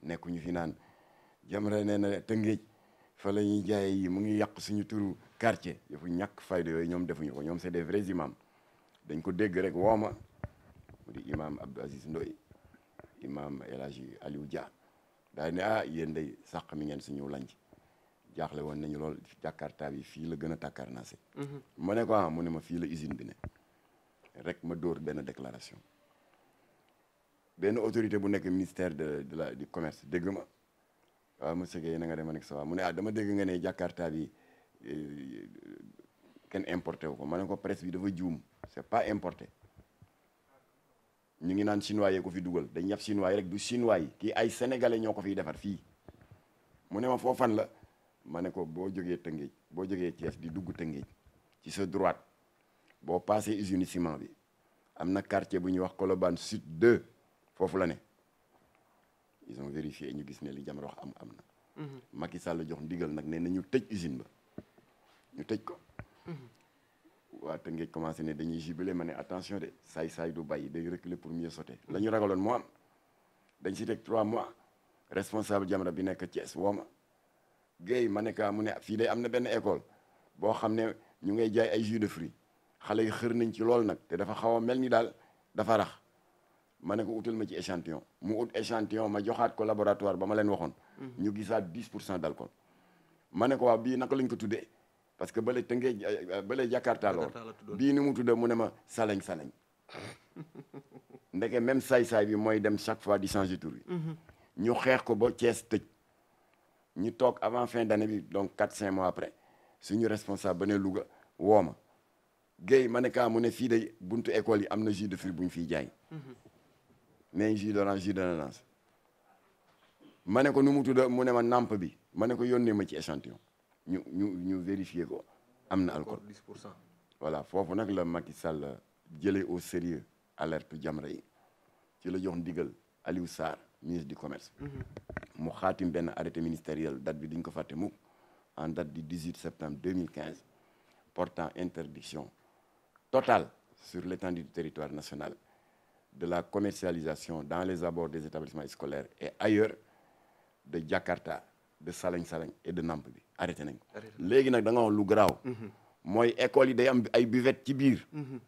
nekkuñu fi naan Jamra nee na tëngéej fa la ñuy jaayee yi mu ngi yàq suñu turu quartier yëfu ñàkk fayda yooyu ñoom defuñu ko ñoom c'est des vrais dañ ko dégg rek wooma mu di imam Abdou Aziz Ndoye imam El Hadji Aliou Dia daal ne ah yéen day sàq mi ngeen suñu lanc jaaxle woon nañu lool Jakarta bi fii la gën a naa si mhm. ma ne ko ah, mu ne ma fii la usine bi ne rek ma dóor benn déclaration benn autorité bu nekk ministère de de la du commerce dégg ma waaw ah, monsieur Guèye na nga dem a nekk sa mu ne ah dama dégg nga ne Jakarta bi eh, kenn importé wu ko ma ne ko presse bi dafa juum c'est pas importé ñu ngi naan chinois yee ko fi dugal dañ yàpp chinois yi rek du chinois ki ay sénégalais ñoo ko fiy defar fii mu ne ma foo la ma ne ko boo jógee Tëngéej boo jógee Thiès di dugg Tëngéej ci sa droite boo passé usine ciment bi am na quartier bu ñuy wax Colobane Sud 2 foofu la ne ils ont ñu gis ne li Jamra am am na. Mhm. Macky Sall jox ndigal nag nee na ñu tëj usine ba ñu tëj ko. Mhm. waa Tëngéej commencé ne dañuy jubilé ma ne attention de saay saay du bàyyi day reculer pour mieux sauter la ñu ragaloon moo am dañ si teg trois mois responsable Jamra bi nekk Thiès woo ma. Guèye ma ne ka mu ne fii day am na benn école boo xam ne ñu ngay jaay ay jus de fruits xale yi xër nañ ci lool nag te dafa xaw a mel ni daal dafa rax ma ne ko utal ma ci échantillon mu ut échantillon ma joxaat ko laboratoire ba ma leen waxoon. Mm-hmm. ñu gisaat 10 pour cent d' alcool. ma ne ko waaw bii naka lañ ko tuddee parce que bële tëngee euh, bële Jakarta la woon bii ni mu tuddee mu ne ma salañ salañ [LAUGHS] ndeke même saay-saay bi mooy dem chaque fois di changer tur bi. Mm-hmm. ñu xeex ko ba Thiès tëj. ñu toog avant fin d'année bi donc quatre cinq mois après suñu responsable ba ne Louga woo ma Guèye ma ne kaa ah, mu ne fii de buntu école yi am na jus de fruits bu ñu fiy jaay. Mm-hmm. mais jus d'orange de d'ananas ma ne ko nu mu tudd mu ne ma namp bi ma ne ko yónnee ma ci échantillon ñu ñu ñu vérifier ko am na alcool 10 pour cent voilà foofu nag la Macky Sall jëlee au sérieux alerte Jamra yi ci la jox ndigal Aliou Sarr ministre du commerce. Mhm. mu xaatim benn arrêté ministériel date bi duñ ko fàtte mukk en date du 18 septembre 2015 portant interdiction totale sur le l'étendue du territoire national de la commercialisation dans les abor des établissements scolaires et ailleurs de Jakarta de Salañ Salañ et de Namp bi arrêté nañ ko. léegi nag da nga lu garaaw. Mhm. mooy école yi day am ay buvette ci biir. Mhm.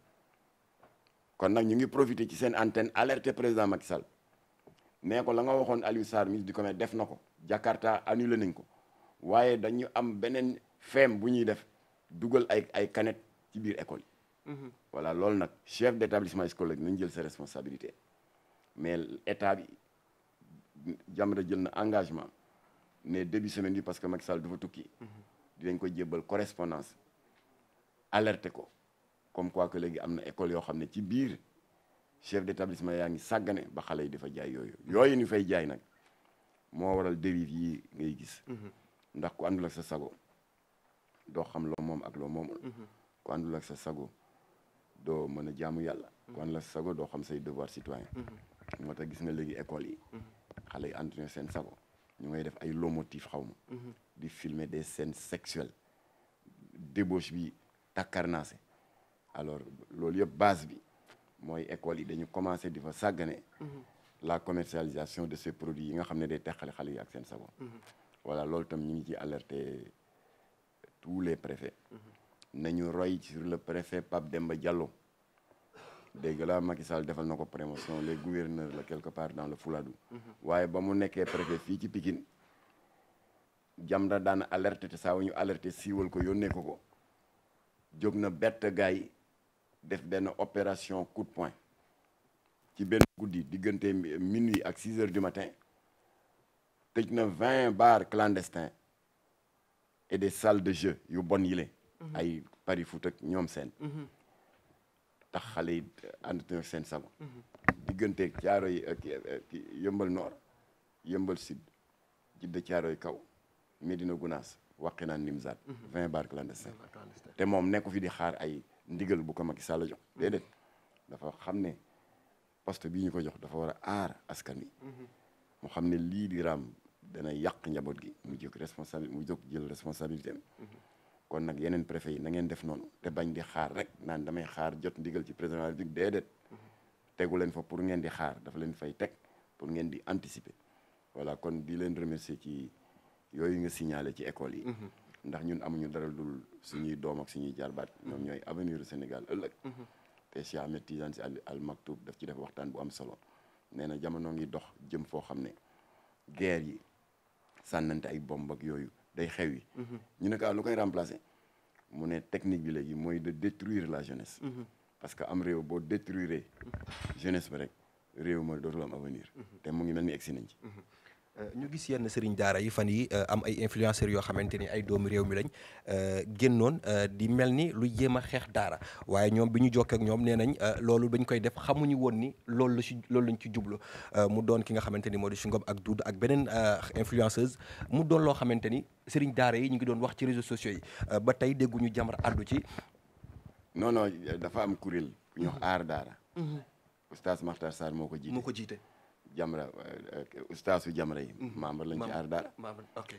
kon nag ñu ngi profité ci seen antenne alerte président Macky Sall. nee ko la nga waxoon Aliou Sarr di du commerce def na ko Jakarta annulé nañ ko waaye dañu am beneen feem bu ñuy def dugal ay ay canette ci biir école yi mhm. voilà loolu nag chef d'établissement scolaire nañ jël sa responsabilité mais état bi Jamra jël na engagement ne début semaine bi parce que Macky Sall dafa tukki mhm. dinañ ko jébbal correspondance alerte ko comme quoi léegi am na école yoo xam ne ci biir chef d'établissement yaa ngi sàggane ba xale yi dafa jaay yooyu yooyu ñu fay jaay nag moo waral dérive yi ngay gis mm-hmm. ndax ku àndul la sa sago doo xam loo moom ak loo moomul mm-hmm. ku àndul ak sago doo mën a jaamu yàlla ko mm-hmm. àndul ak sago doo xam say devoir citoyen moo tax gis nga léegi école yi xale yi ànd seen sago ñu ngay def ay lomotif xaw ma di filmer des scènes sexuelles débauche bi takkarnaase alors loolu yëpp base bi mooy école yi dañu commencé di fa sàggane mhm. la commercialisation de ces produits yi nga xam ne day teqale xale yi ak seen savon mhm. voilà loolu tam ñu ngi ci alerte tous les préfets mhm. nañu roy sur le préfet Pape Demba Diallo dégg la Macky Sall defal na ko promotion les gouverneurs la quelque part dans le Fouladou waaye ba mu nekkee préfet fii ci Pikine Jamra daan alerter te saa ñu alerte siiwal ko yónnee ko ko jog na bett yi def benn opération coup de ci benn guddi diggante minuit ak six heures du matin tëj na vingt bars clandestins et des salles de jeu yu bon yile mhm. ay pari foot ak ñoom seen mhm. tax xale yi ànd seen sago mhm. diggante caaro yi yëmbal nord yëmbal sud jidda caaro yi kaw Médina Gounass Wakhinane Nimzatt vingt bars clandestins te moom nekku fi di xaar ay ndigal bu ko Macky Sall jox mm-hmm. déedéet dafa xam ne poste bii ñu ko jox dafa war a aar askan wi mm-hmm. mu xam ne lii di raam dana yàq njaboot gi mu jóg responsabilité mu jóg jël responsabilité am mm-hmm. kon nag yeneen préfet yi na ngeen def noonu te bañ di xaar rek naan damay xaar jot ndigal ci président de la République tegu leen fa pour ngeen di xaar dafa leen fay teg pour ngeen di anticiper voilà kon di leen remercier ci yooyu nga signalé ci école yi ndax ñun amuñu dara dul suñuy doom suñuy jarbaat ñoom ñooy avenir Sénégal ëllëg te Cheikh Ahmed Tidiane Sy Al Maktoum daf ci def waxtaan bu am solo nee na jamono ngi dox jëm foo xam ne guerre yi sànnante ay bomb ak yooyu day xew yi ñu ne ko ah, lu koy remplacer mu ne technique bi léegi mooy de détruire la jeunesse parce que am réew boo détruire jeunesse ba rek réew ma dootul am avenir te mu ngi mel ni egsi nañ ci Euh, ñu gis yenn sëriñ daara yi fan yi euh, am ay influenceurs yoo xamante ni ay doomu réew mi lañ euh, génnoon di mel ni lu jéem a xeex daara waaye ñoom bi ñu jokkee ñoom nee nañ loolu dañ koy def xamuñu woon ni loolu la ci loolu lañ ci jublu mu doon ki nga xamante ni moo di si Sungom ak Duud ak beneen influenceuse mu doon loo xamante ni sëriñ daara yi ñu ngi doon wax ci réseaux sociaux yi ba tey dégguñu Jamra àddu ci. non dafa am kuréel. ñu mm-hmm. aar daara. Mm-hmm. oustaz Makhtar Sarr moo ko Jamra euh, ustaas yu Jamra yi. membre lañ ci aar daal.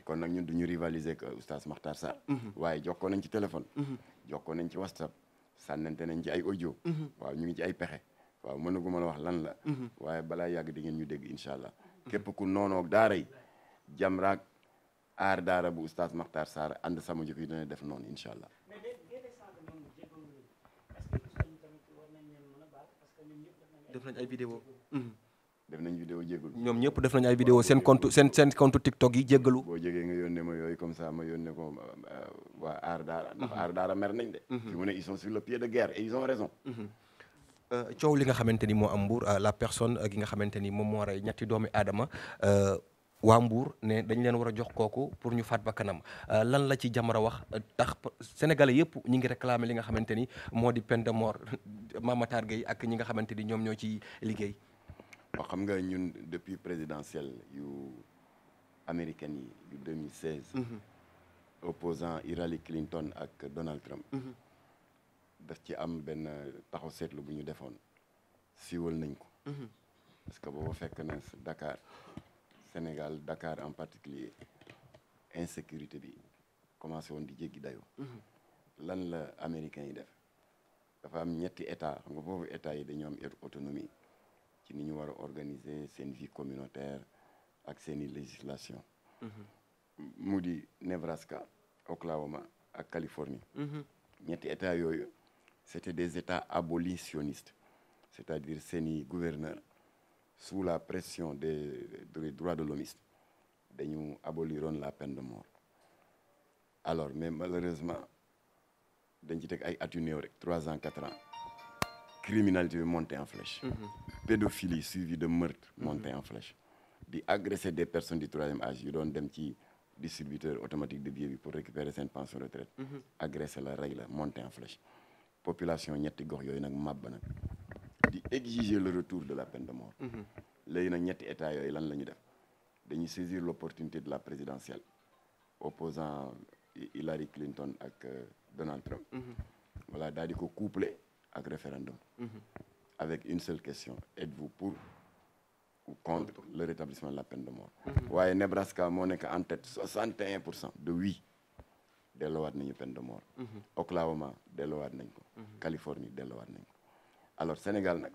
kon nag ñun du ñu rivaliser ak ustaas Makhtar Sarr. Mhm. waaye jokkoo nañ ci téléphone. Mhm. jokkoo nañ ci whatsapp sànnante nañ ci ay audio. Mhm. waaw ñu ngi ci ay pexe. waaw mënaguma la wax lan la. waaye balaa yàgg di ngeen ñu dégg incha allah. képp ku noonoog daara yi Jamraak aar daara bu ustaas Makhtar Sarr ànd sama jikko yi def noonu incha def nañ ñoom ñëpp def nañ ay vidéo seen compte seen seen compte TikTok yi jéggalu boo jégee nga yónnee ma yooyu comme ça ma yónnee ko euh, waa aar daara ndax aar mhm. nañ de mhm. fi mu ne ils sont sur le pied de guerre et ils ont raison mhm. euh, coow li nga xamante ni moo am Mbour euh, la personne gi nga xamante ni moom moo rey ñetti doomi aadama waa mbuur ne dañ leen war a jox kooku pour ñu faat ba kanam lan la ci Jamra wax tax sénégalais yëpp ñi ngi réclamer li nga xamante ni moo di peine de mort [LAUGHS] Mamatar Gueye ak ñi nga xamante ni ñoom ñoo ci liggéey o xam nga ñun depuis présidentielle yu américaine yi yu 2016. Mhm. opposant Hillary Clinton ak Donald Trump. Mhm. daf ci am benn taxaw seetlu bu ñu defoon siiwal nañ ko. Mhm. parce que booba fekk na Dakar Sénégal Dakar en particulier insécurité bi commencé woon di jéggi dayoo. lan la américains yi def dafa am ñetti état xam nga boobu état yi dañoo am autonomie. ci ni ñu war a organiser seen vie communautaire ak seeni législation mm-hmm. mu di Nebraska Oklahoma ak Californie mm-hmm. ñetti état yooyu c'était des états abolitionnistes c'est-à-dire seeni gouverneur sous la pression des, des droits de l'hommiste dañu aboliroon la peine de mort alors mais malheureusement dañ ci teg ay at yu néew trois ans quatre ans criminalité bi montée mhm. pédophilie suivie de meurtre mhm. montée en flèche. di agresser des personnes du troisième âge yu doon dem ci distributeur automatique de billets pour récupérer seen pension retraite. Mhm. agresser la rey la montée population ñetti gox yooyu nag màbb nag di exiger le retour de la peine de mort. léegi nag ñetti état yooyu lan la def dañuy saisir l'opportunité de la présidentielle opposant Hillary Clinton ak euh, Donald Trump. voilà daal di ak référendum mhm. avec une seule question êtes-vous pour ou contre le rétablissement de la peine de mort mhm. waaye Nebraska moo nekk en tête 61 pour cent de oui delloowaat nañu peine de mort mhm. Oklahoma delloowaat nañ ko Californie delloowaat nañ ko alors Sénégal nag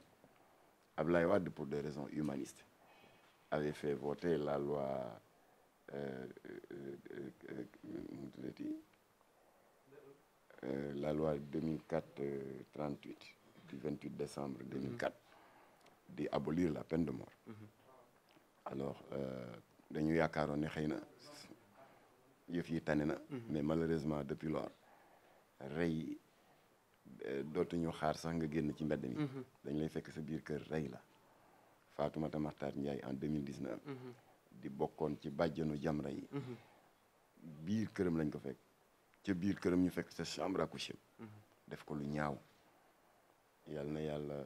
Ablaye Wade pour des raisons humanistes avait fait voter la loi euh, euh, euh, euh, la loi 2004 38 euh, du 28 décembre 2004 mhm. di abolir la peine de mort mhm. alors euh, dañu yaakaaroon ne xëy na yëf yi tane na mhm. mais malheureusement depuis lors rey euh, dootuñu xaar sax nga génn ci mbedd mi dañ lay fekk sa biir kër rey la Fatoumata Makhtar Ndiaye en 2019 di bokkoon ci bàjjanu Jamra yi biir këram lañ ko fekk ca biir këram ñu fekk sa chambre à coucher mm-hmm. def ko lu ñaaw yal na yàlla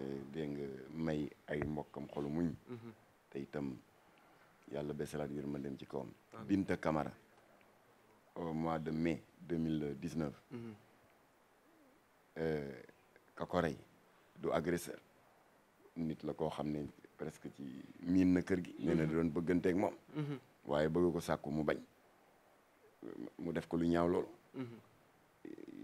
eh, dégg nga may ay mbokkam xolu muñ mm-hmm. te itam yàlla ma dem ci kawam Binta Camara au mois de mai deux mille dix neuf mm-hmm. eh, ka ko rey du agresseur nit la koo xam ne presque ci miin na kër gi nee na da doon bëgganteeg moom waaye bëgg ko sàkku mu bañ mu def ko lu ñaaw lool. Mm-hmm.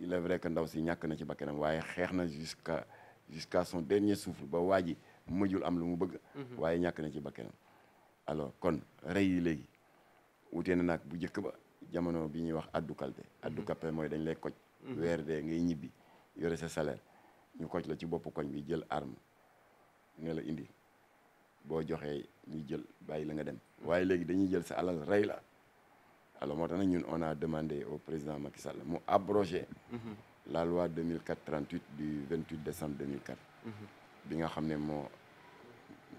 il est vrai que ndaw si ñàkk na ci bakkanam waaye xeex na jusqu'à jusqu'à son dernier souffle ba waa ji mujjul am lu mu bëgg. Mm-hmm. waaye ñàkk na ci bakkanam. alors kon rey yi léegi wute na nag bu njëkk ba jamono bi ñuy wax addu kalpe mm-hmm. addu kalpe mooy dañ lay koj. weer dee ngay ñibbi yore sa salaire ñu koc la ci boppu koñ bi jël arme ne la indi boo joxee ñu jël bàyyi la nga dem waaye léegi dañuy jël sa alal rey la. alors moo tax nag ñun on a demandé au président Macky Sall mu abroger mhm. la loi 2004 38 du 28 décembre 2004 mhm. bi nga xam ne moo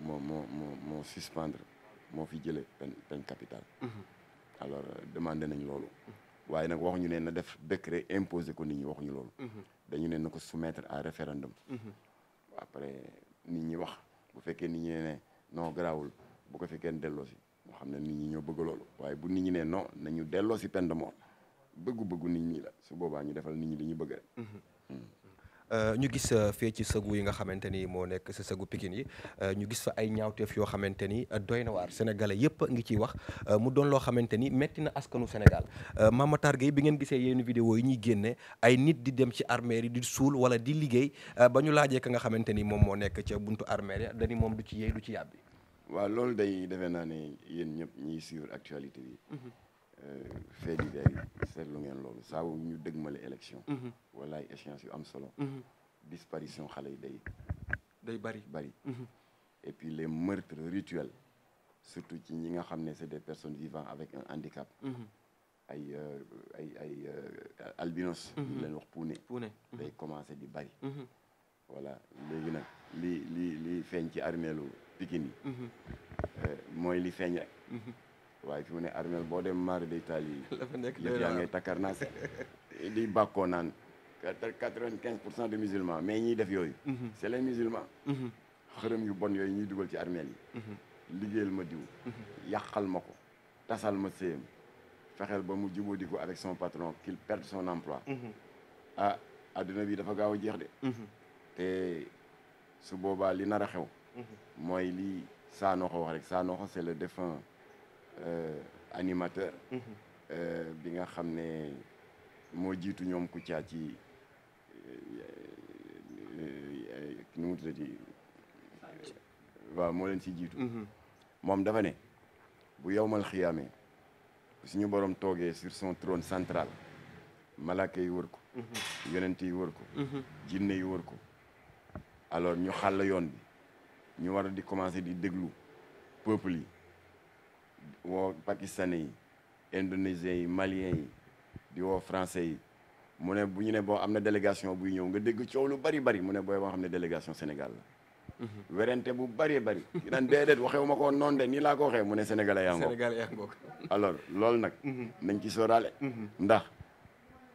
moo moo moo moo suspendre moo fi jële peine peine mhm. alors euh, demandé nañ loolu waaye nag waxuñu ne na def décret imposé ko nit ñi waxuñu loolu dañu ne na ko soumettre à référendum après nit ñi wax bu fekkee nit ñi ne non garaawul bu ko fi kenn delloo xam ne nit ñi ñoo bëgg loolu waaye bu nit ñi ne non nañu delloo si peine de bëggu-bëggu nit ñi la su boobaa ñu defal nit ñi li ñu bëgg rek mhm. euh, ñu gis euh, fee ci sëgu yi nga xamante ni moo nekk si sëgu Pikine yi euh, ñu gis fa ay ñaawteef yoo xamante ni doy na waar sénégalais yëpp ngi ciy wax mu doon loo xamante ni métti na askanu Sénégal Mame Matar Gueye bi ngeen gisee yenn vidéo yi ñuy génne ay nit di dem ci armée yi di suul wala di liggéey ba ñu laajee ka nga xamante ni moom moo nekk ca buntu armée yi dañu moom du ci yey du ci yàbbi waaw loolu day defe naa ne yéen ñëpp ñiy suivre actualité yi mhm. euh, fait divers yi seetlu ngeen loolu saa wu ñu dëgmale élection mhm. wala ay échéance yu am solo mhm. disparition xale yi day day bari bari et puis les meurtres rituels surtout ci ñi nga xam ne c'est des personnes vivant avec un handicap euh, ay ay ay euh, albinos ñu leen wax puune puune day commencé di bari voilà léegi nag li li li feeñ ci armeelu Pikine yi mhm. eh, mooy li feeñ rek mhm. waaye fi mu ne armeel boo dem mari [LAUGHS] day taal yi yëpp yaa ngay takkar naa eh, di bàkkoo naan quatre-vingt-quinze pour mais ñiy def yooyu mhm. c'est les xërëm yu bon yooyu ñuy dugal ci armeel yi liggéeyal ma diw yàqal ma ko tasal ma séyam fexeel ba mu jubóo di ko avec son patron qu'il perde son emploi ah adduna bi dafa gaaw a jeex de te su boobaa li nar a xew mooy lii Sanoxo wax rek Sanoxo c'est le défunt euh, animateur euh, bi nga xam ne moo jiitu ñoom Kouthia ci euh, nu mu tuddati waaw moo leen ci jiitu mm-hmm. moom dafa ne bu yowmal xiyaamee suñu borom toogee sur son trône central malaaka yi wër ko mm-hmm. yonent yi wër ko mm-hmm. jinne yi wër ko alors ñu xàll yoon ñu war di commencer di déglu peuple yi woo pakistanais yi indonésiens yi maliens yi di woo français yi mu ne bu ñu ne boo am na délégation buy ñëw nga dégg coow lu bari bari mu ne booy boo xam ne délégation senegal la mhm. werente bu bari bari ki naan déedéet waxewu ma ko noonu de nii laa ko waxee mu ne sénégalais yaa ngoog sénégalais yaa ngoog alors loolu nag mhm. nañ ci sóoraale mhm. ndax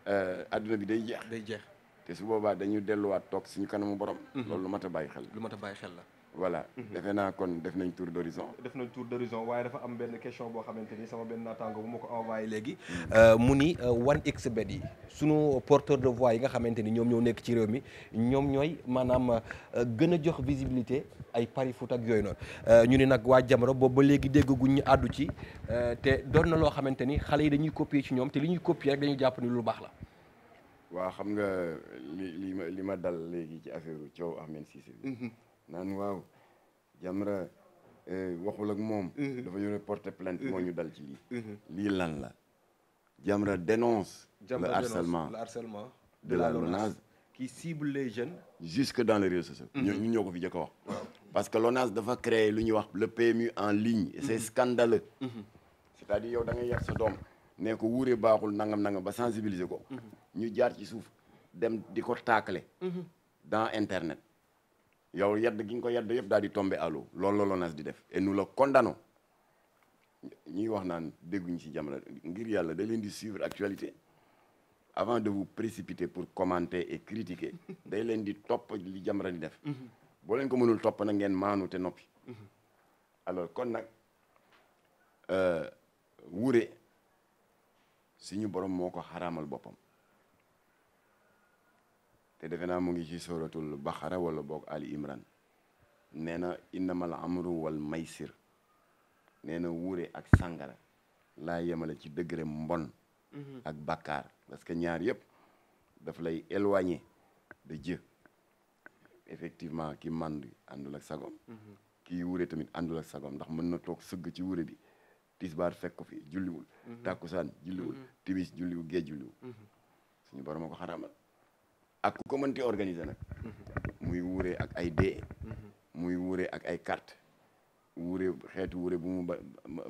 euh, adduna bi day jeex day jeex te su boobaa dañu delluwaat toog suñu kanamu borom loolu lu mat a bàyyi xel lu mat a bàyyi xel la voilà mhm. defe naa kon def nañ tour d'horizon def nañ tour d'horizon waaye dafa am benn question boo xamante ni sama benn naataango bu ma ko envoyé léegi mhm. euh, mu ni 1xBet euh, yi sunu porteur de voix yi nga xamante ni ñoom ñoo nekk ci réew mi ñoom ñooy maanaam euh, gën a jox visibilité ay paris foot ak yooyu noonu ñu ni nag waa Jamra boobu ba léegi déggaguñ ñu àddu ci te doon na loo xamante ni xale yi dañuy copier ci ñoom te li ñuy copier rek dañuy jàpp ni lu baax la waaw xam nga li ma li ma dal léegi ci affaire coow Ahmed naan waaw Jamra eh, waxul ak moom. Mhm. dafa yore porter moo mhm. ñu dal ci lii. Mhm. lii lan la Jamra dénonce. Jamra le harcèlement le harcèlement de la LONASE qui cible les jeunes. jusque dans les réseaux sociaux. ñu ñoo ko fi jëkk wax. parce que LONASE dafa créer lu ñu wax le PMU en ligne. et c'est scandaleux. c'est-à-dire yow da yar sa doom. ne ko wuure baaxul nangam nangam ba sensibiliser ko. ñu jaar ci suuf dem di ko taakale. dans internet. yow yedd gi nga ko yedd yëpp daal di tombe à l'eau loolu la LONASE di def et nous le condamnons ñuy wax naan dégguñu ci jamono ngir yàlla da leen di suivre actualité avant de vous précipiter pour commenter et critiquer day leen di topp li Jamra di def mhm. boo leen ko mënul topp nag ngeen maanu te noppi mhm. alors kon nag euh, Wure suñu borom moo ko xaraamal boppam te defe naa mu ngi ci suratul Baqara wala boog Ali Imran nee na innamal amru wal maysir nee na wuure ak sàngara laa yemale ci degré mbon mhm. ak bàkkaar parce que ñaar yëpp daf lay éloigner de Dieu effectivement ki mànd àndul ak sagom mhm. kii wuure tamit àndul ak sagom ndax mën na toog sëgg ci wuure bi tisbaar fekk ko fi julliwul mhm. tàkkusaan julliwul timis julliwul géej julliwul suñu borom ko xaramal ak ku ko mënti organiser nag muy wuure ak ay dee muy wuure ak ay carte wuure xeetu wure bu mu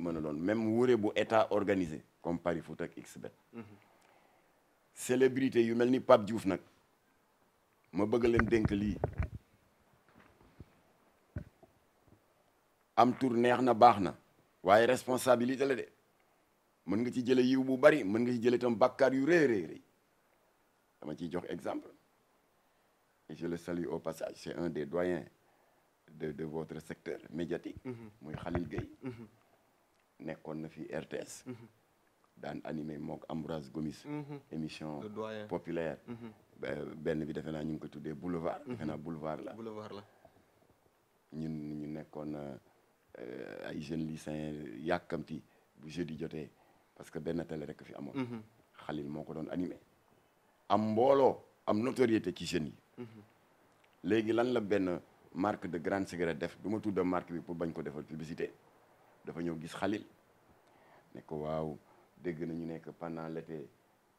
mën a loon même wure bu état organisé comme Paris Foot ak XBet célébrité yu mel ni Pape Diouf nag ma bëgg leen dénk lii am tur neex na baax na waaye responsabilité la de mën nga ci jële yiw bu bari mën nga ci jële itam bàkkaar yu rëy rëy rëy dama ciy jox exemple et je le salue au passage c'est un des doyens de de votre secteur médiatique mm-hmm. muy Khalil Gueye mm-hmm. nekkoon na fi RTS mm-hmm. daan animé mook Ambroise Gomis émission populaire benn bi defe naa ñu ngi ko tuddee boulevard defe naa boulevard la boulevard la ñun ñu nekkoon euh, ay jeunes lycéens yàkkamti bu jeudi jotee parce que benn télé rek fi amoon Khalil moo ko doon animé am mbooloo am notoriété ci jeunes yi Mm-hmm. léegi lan la benn marque de grande cigarette def du ma tudda marque bi pour bañ ko defal publicité dafa ñëw gis xalil ne ko waaw dégg nañu nekk pendant l'été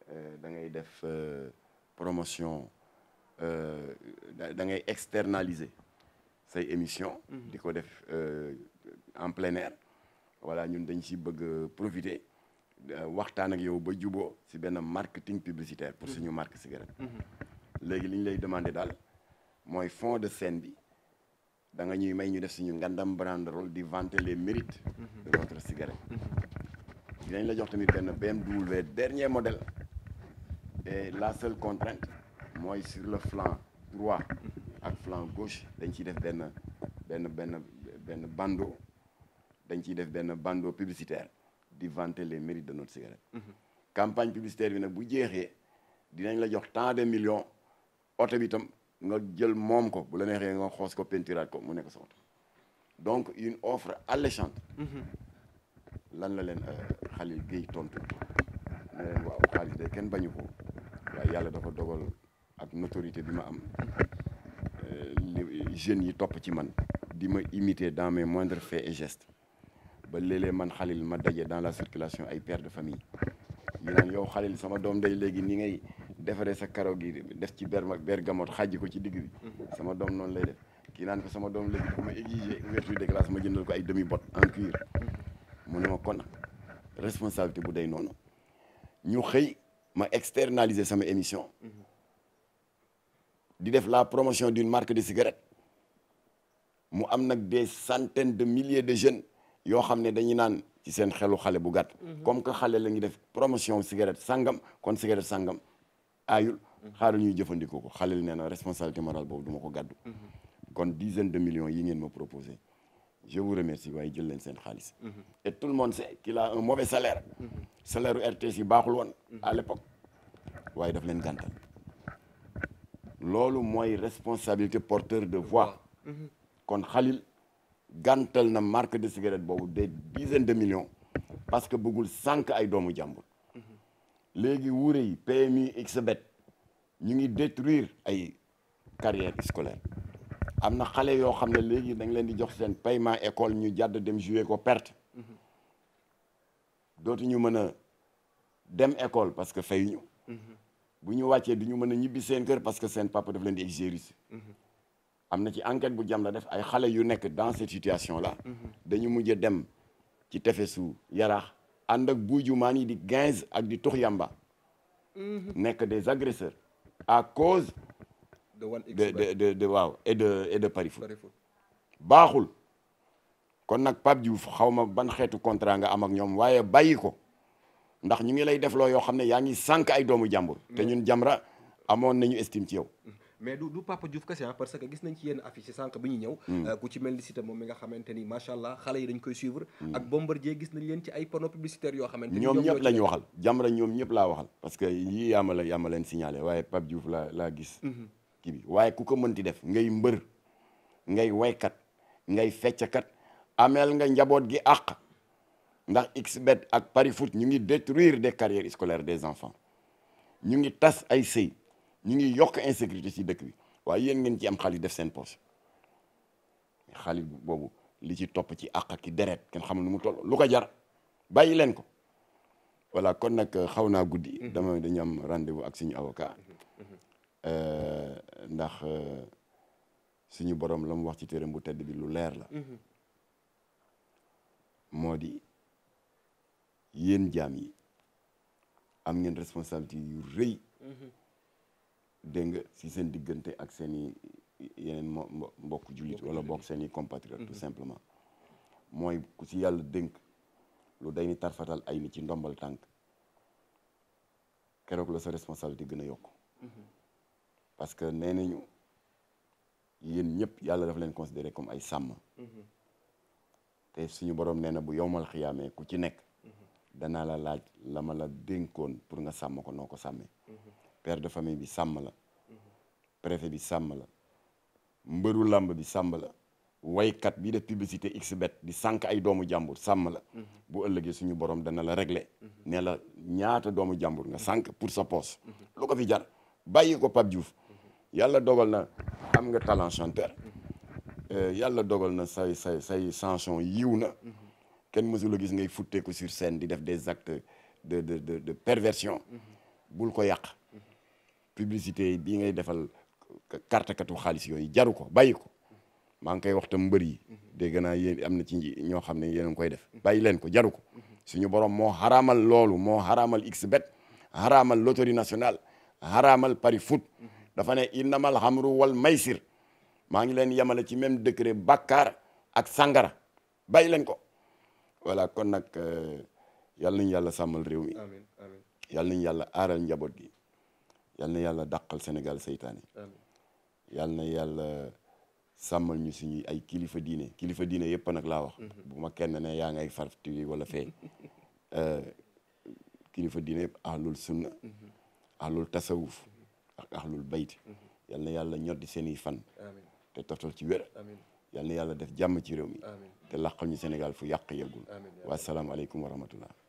euh, da ngay def euh, promotion euh, da ngay externaliser say émission mm-hmm. di ko def en plein air voilà ñun dañ ci bëgg profiter waxtaan ak yow ba juboo si benn marketing publicitaire pour mm-hmm. suñu marque cigarette léegi li ñu lay demandé daal mooy fond de scène bi da nga ñuy may ñu def suñu ngandam banderole di vanter les mérites de votre cigarette dinañ la jox tamit benn BMW dernier modèle et la seule contrainte mooy sur le flanc droit ak flanc gauche dañ ciy def benn benn benn benn bandeau dañ ciy def benn bandeau publicitaire di vanter les mérites de notre cigarette mm-hmm. campagne publicitaire bi nag bu jeexee dinañ la jox tant de millions oto bi tam nga jël moom ko bu la neexee nga xoos ko pentiraat ko mu nekk soo oto donc une offre alléchante mm-hmm. lan la leen euh, Khalil Gueye tontu ne leen waaw xaalis de kenn bañu ko waaye yàlla dafa dogal ak notoriété bi ma am mm-hmm. euh, jeunes yi topp ci man di ma imiter dans mais moindres faits et gest ba léeg-léeg man Khalil ma daje dans la circulation ay pères de famille ñu naan yow Khalil sama doom day léegi ni ngay defaree sa karaw gi def ci bermak bergamote xàjji ko ci digg bi mhm. sama doom noonu lay def kii naan ko sama doom léegi dafa ma exiger ouverture de classe ma jëndal ko ay demi botte en cuir mhm. mu ne ma kon responsabilité bu day noonu ñu xëy ma externaliser sama émission mhm. di def la promotion d'une marque de cigarette mu am nag des centaines de milliers de jeunes yoo xam ne dañuy naan ci seen xelu xale bu gàtt comme que xale la ngi def promotion cigarette sangam kon cigarette sangam aayul xaaral ñuy jëfandikoo ko xalel nee na responsabilité morale boobu du ko gàddu kon dizaine de million yi ngeen ma proposé je vous remercie waaye jël leen seen xaalis et tout le monde sait qu'il a un mauvais salaire salaire u baaxul woon à l'époque waaye daf leen gàntal loolu mooy responsabilité porteur de voix kon Khalil gàntal na marque de cigarette boobu des dizaines de million parce que bëggul sànq ay doomu jàmbur léegi wuure yi PMI XBET ñu ngi détruire ay carrière scolaire am na xale yoo xam ne léegi dañ leen di jox seen paiement école ñu jàdd dem jouer ko perte mm-hmm. dootu ñu mën a dem école parce que ñu mm-hmm. bu ñu wàccee du ñu mën a ñibbi seen kër parce que seen papa daf leen di exercer mm-hmm. am na ci enquête bu jam la def ay xale yu nekk dans cette situation là dañu mujj dem ci tefesu yaraax ànd ak buujumaan yi di quinze ak di tux yamba mhm. nekk des agresseurs à cause de de waaw et de et de baaxul kon nag Pape Diouf xaw ma ban xeetu contrat nga am ak ñoom waaye bàyyi ko ndax ñu ngi lay def loo yoo xam ne yaa ngi sànq ay doomu jàmbur te mm. ñun Jamra amoon nañu estime ci yow mm. mais du du Papa Diouf kese ah, parce que gis nañ ci yenn affiche yi sànq bi ñu ñëw hmm. euh, ku ci mel ni Siteu moom mi nga xamante ni macha allah xale yi dañ koy suivre hmm. ak Bombardier gis nañ leen ci ay panneaux publicitaires yoo xamante ni ñoom ñëpp lañu waxal Jamra ñoom ñëpp laa waxal parce que yii yaama la yaama leen signalé waaye Pape Diouf laa gis hmm. kii bi waaye ku ko mënti def ngay mbër ngay way kat ngay kat ameel nga njaboot gi àq ndax xbet ak pari foot ñu ngi détruire de carrières scolaires des enfants ñu ngi tas ay sëy ñu ngi yokk insécurité ci dëkk bi waaye yéen ngeen ci am xaalis def seen poche xaalis boobu li ci topp ci àq ki deret kenn xamul nu mu toll lu ko jar bàyyi leen ko voilà kon nag euh, xaw naa guddi. Mhm. dama dañu am rendez-vous ak suñu avocat. Mhm. Mhm. Euh, ndax euh, suñu borom la mu wax ci téeram bu tedd bi lu leer la. moo di yéen jaam yi am ngeen responsabilité yu rëy. dégg nga si seen diggante ak seeni yeneen yeneen mbokk jullit wala bokk seen i compatriotes tout mm-hmm. simplement mooy ku si yàlla dénk lu day ni tarfatal ay ni ci ndombal tànk keroog la sa responsabilité gën a yokk mm-hmm. parce que nee nañu yéen ñëpp yàlla dafa leen considéré comme ay sàmm mm-hmm. te suñu borom nee na bu yowmal xiyaamee ku ci nekk danaa la laaj la ma la dénkoon pour nga sàmm ko noo ko sàmmee père de famille bi sàmm la préfet bi sàmm la mbëru làmb bi sàmm la waykat bi def publicité xbet di sànq ay doomu jàmbur sàmm la bu ëllëgee suñu borom dana la régler ne la ñaata doomu jàmbur nga sànq pour sa poche lu ko fi jar bàyyi ko Pape Diouf yàlla dogal na am nga talent chanteur euh, yàlla dogal na say say say chanson yiw na kenn mësula gis ngay futteeku sur scène di def des actes de de de de perversion bul ko yàq publicité bii ngay defal carte katu xaalis yooyu jaru ko bàyyi ko maa ngi koy wax tam mbër yi dégg naa yéen am na ci ñoo xam ne yéen a ngi koy def bàyyi leen ko jaru ko suñu borom moo xaraamal loolu moo xaraamal xbet xaraamal loterie nationale xaraamal pari foot dafa ne innamal xamru wal maysir maa ngi leen yemale ci même décret bàkkaar ak sangara bàyyi leen ko wala kon nag euh, yàlla nañu yàlla sàmmal réew mi yàlla nañu yàlla aaral njaboot gi yal na yàlla dàqal senegal seytaane yal na yàlla sàmmal ñu suñuy ay kilifa diine kilifa diine yëpp nag laa wax mhm. bu ma kenn ne yaa ngay far tuuti wala fee [LAUGHS] euh, kilifa diine yëpp ahlul sunna mhm. ahlul tasawuf ak ahlul mhm. yàlla ñoddi seeni fan te toftal ci wér yal yàlla def jàmm ci réew mi te làqal ñu Sénégal fu yàq yeggul wa salaamu aleykum wa rahmatullah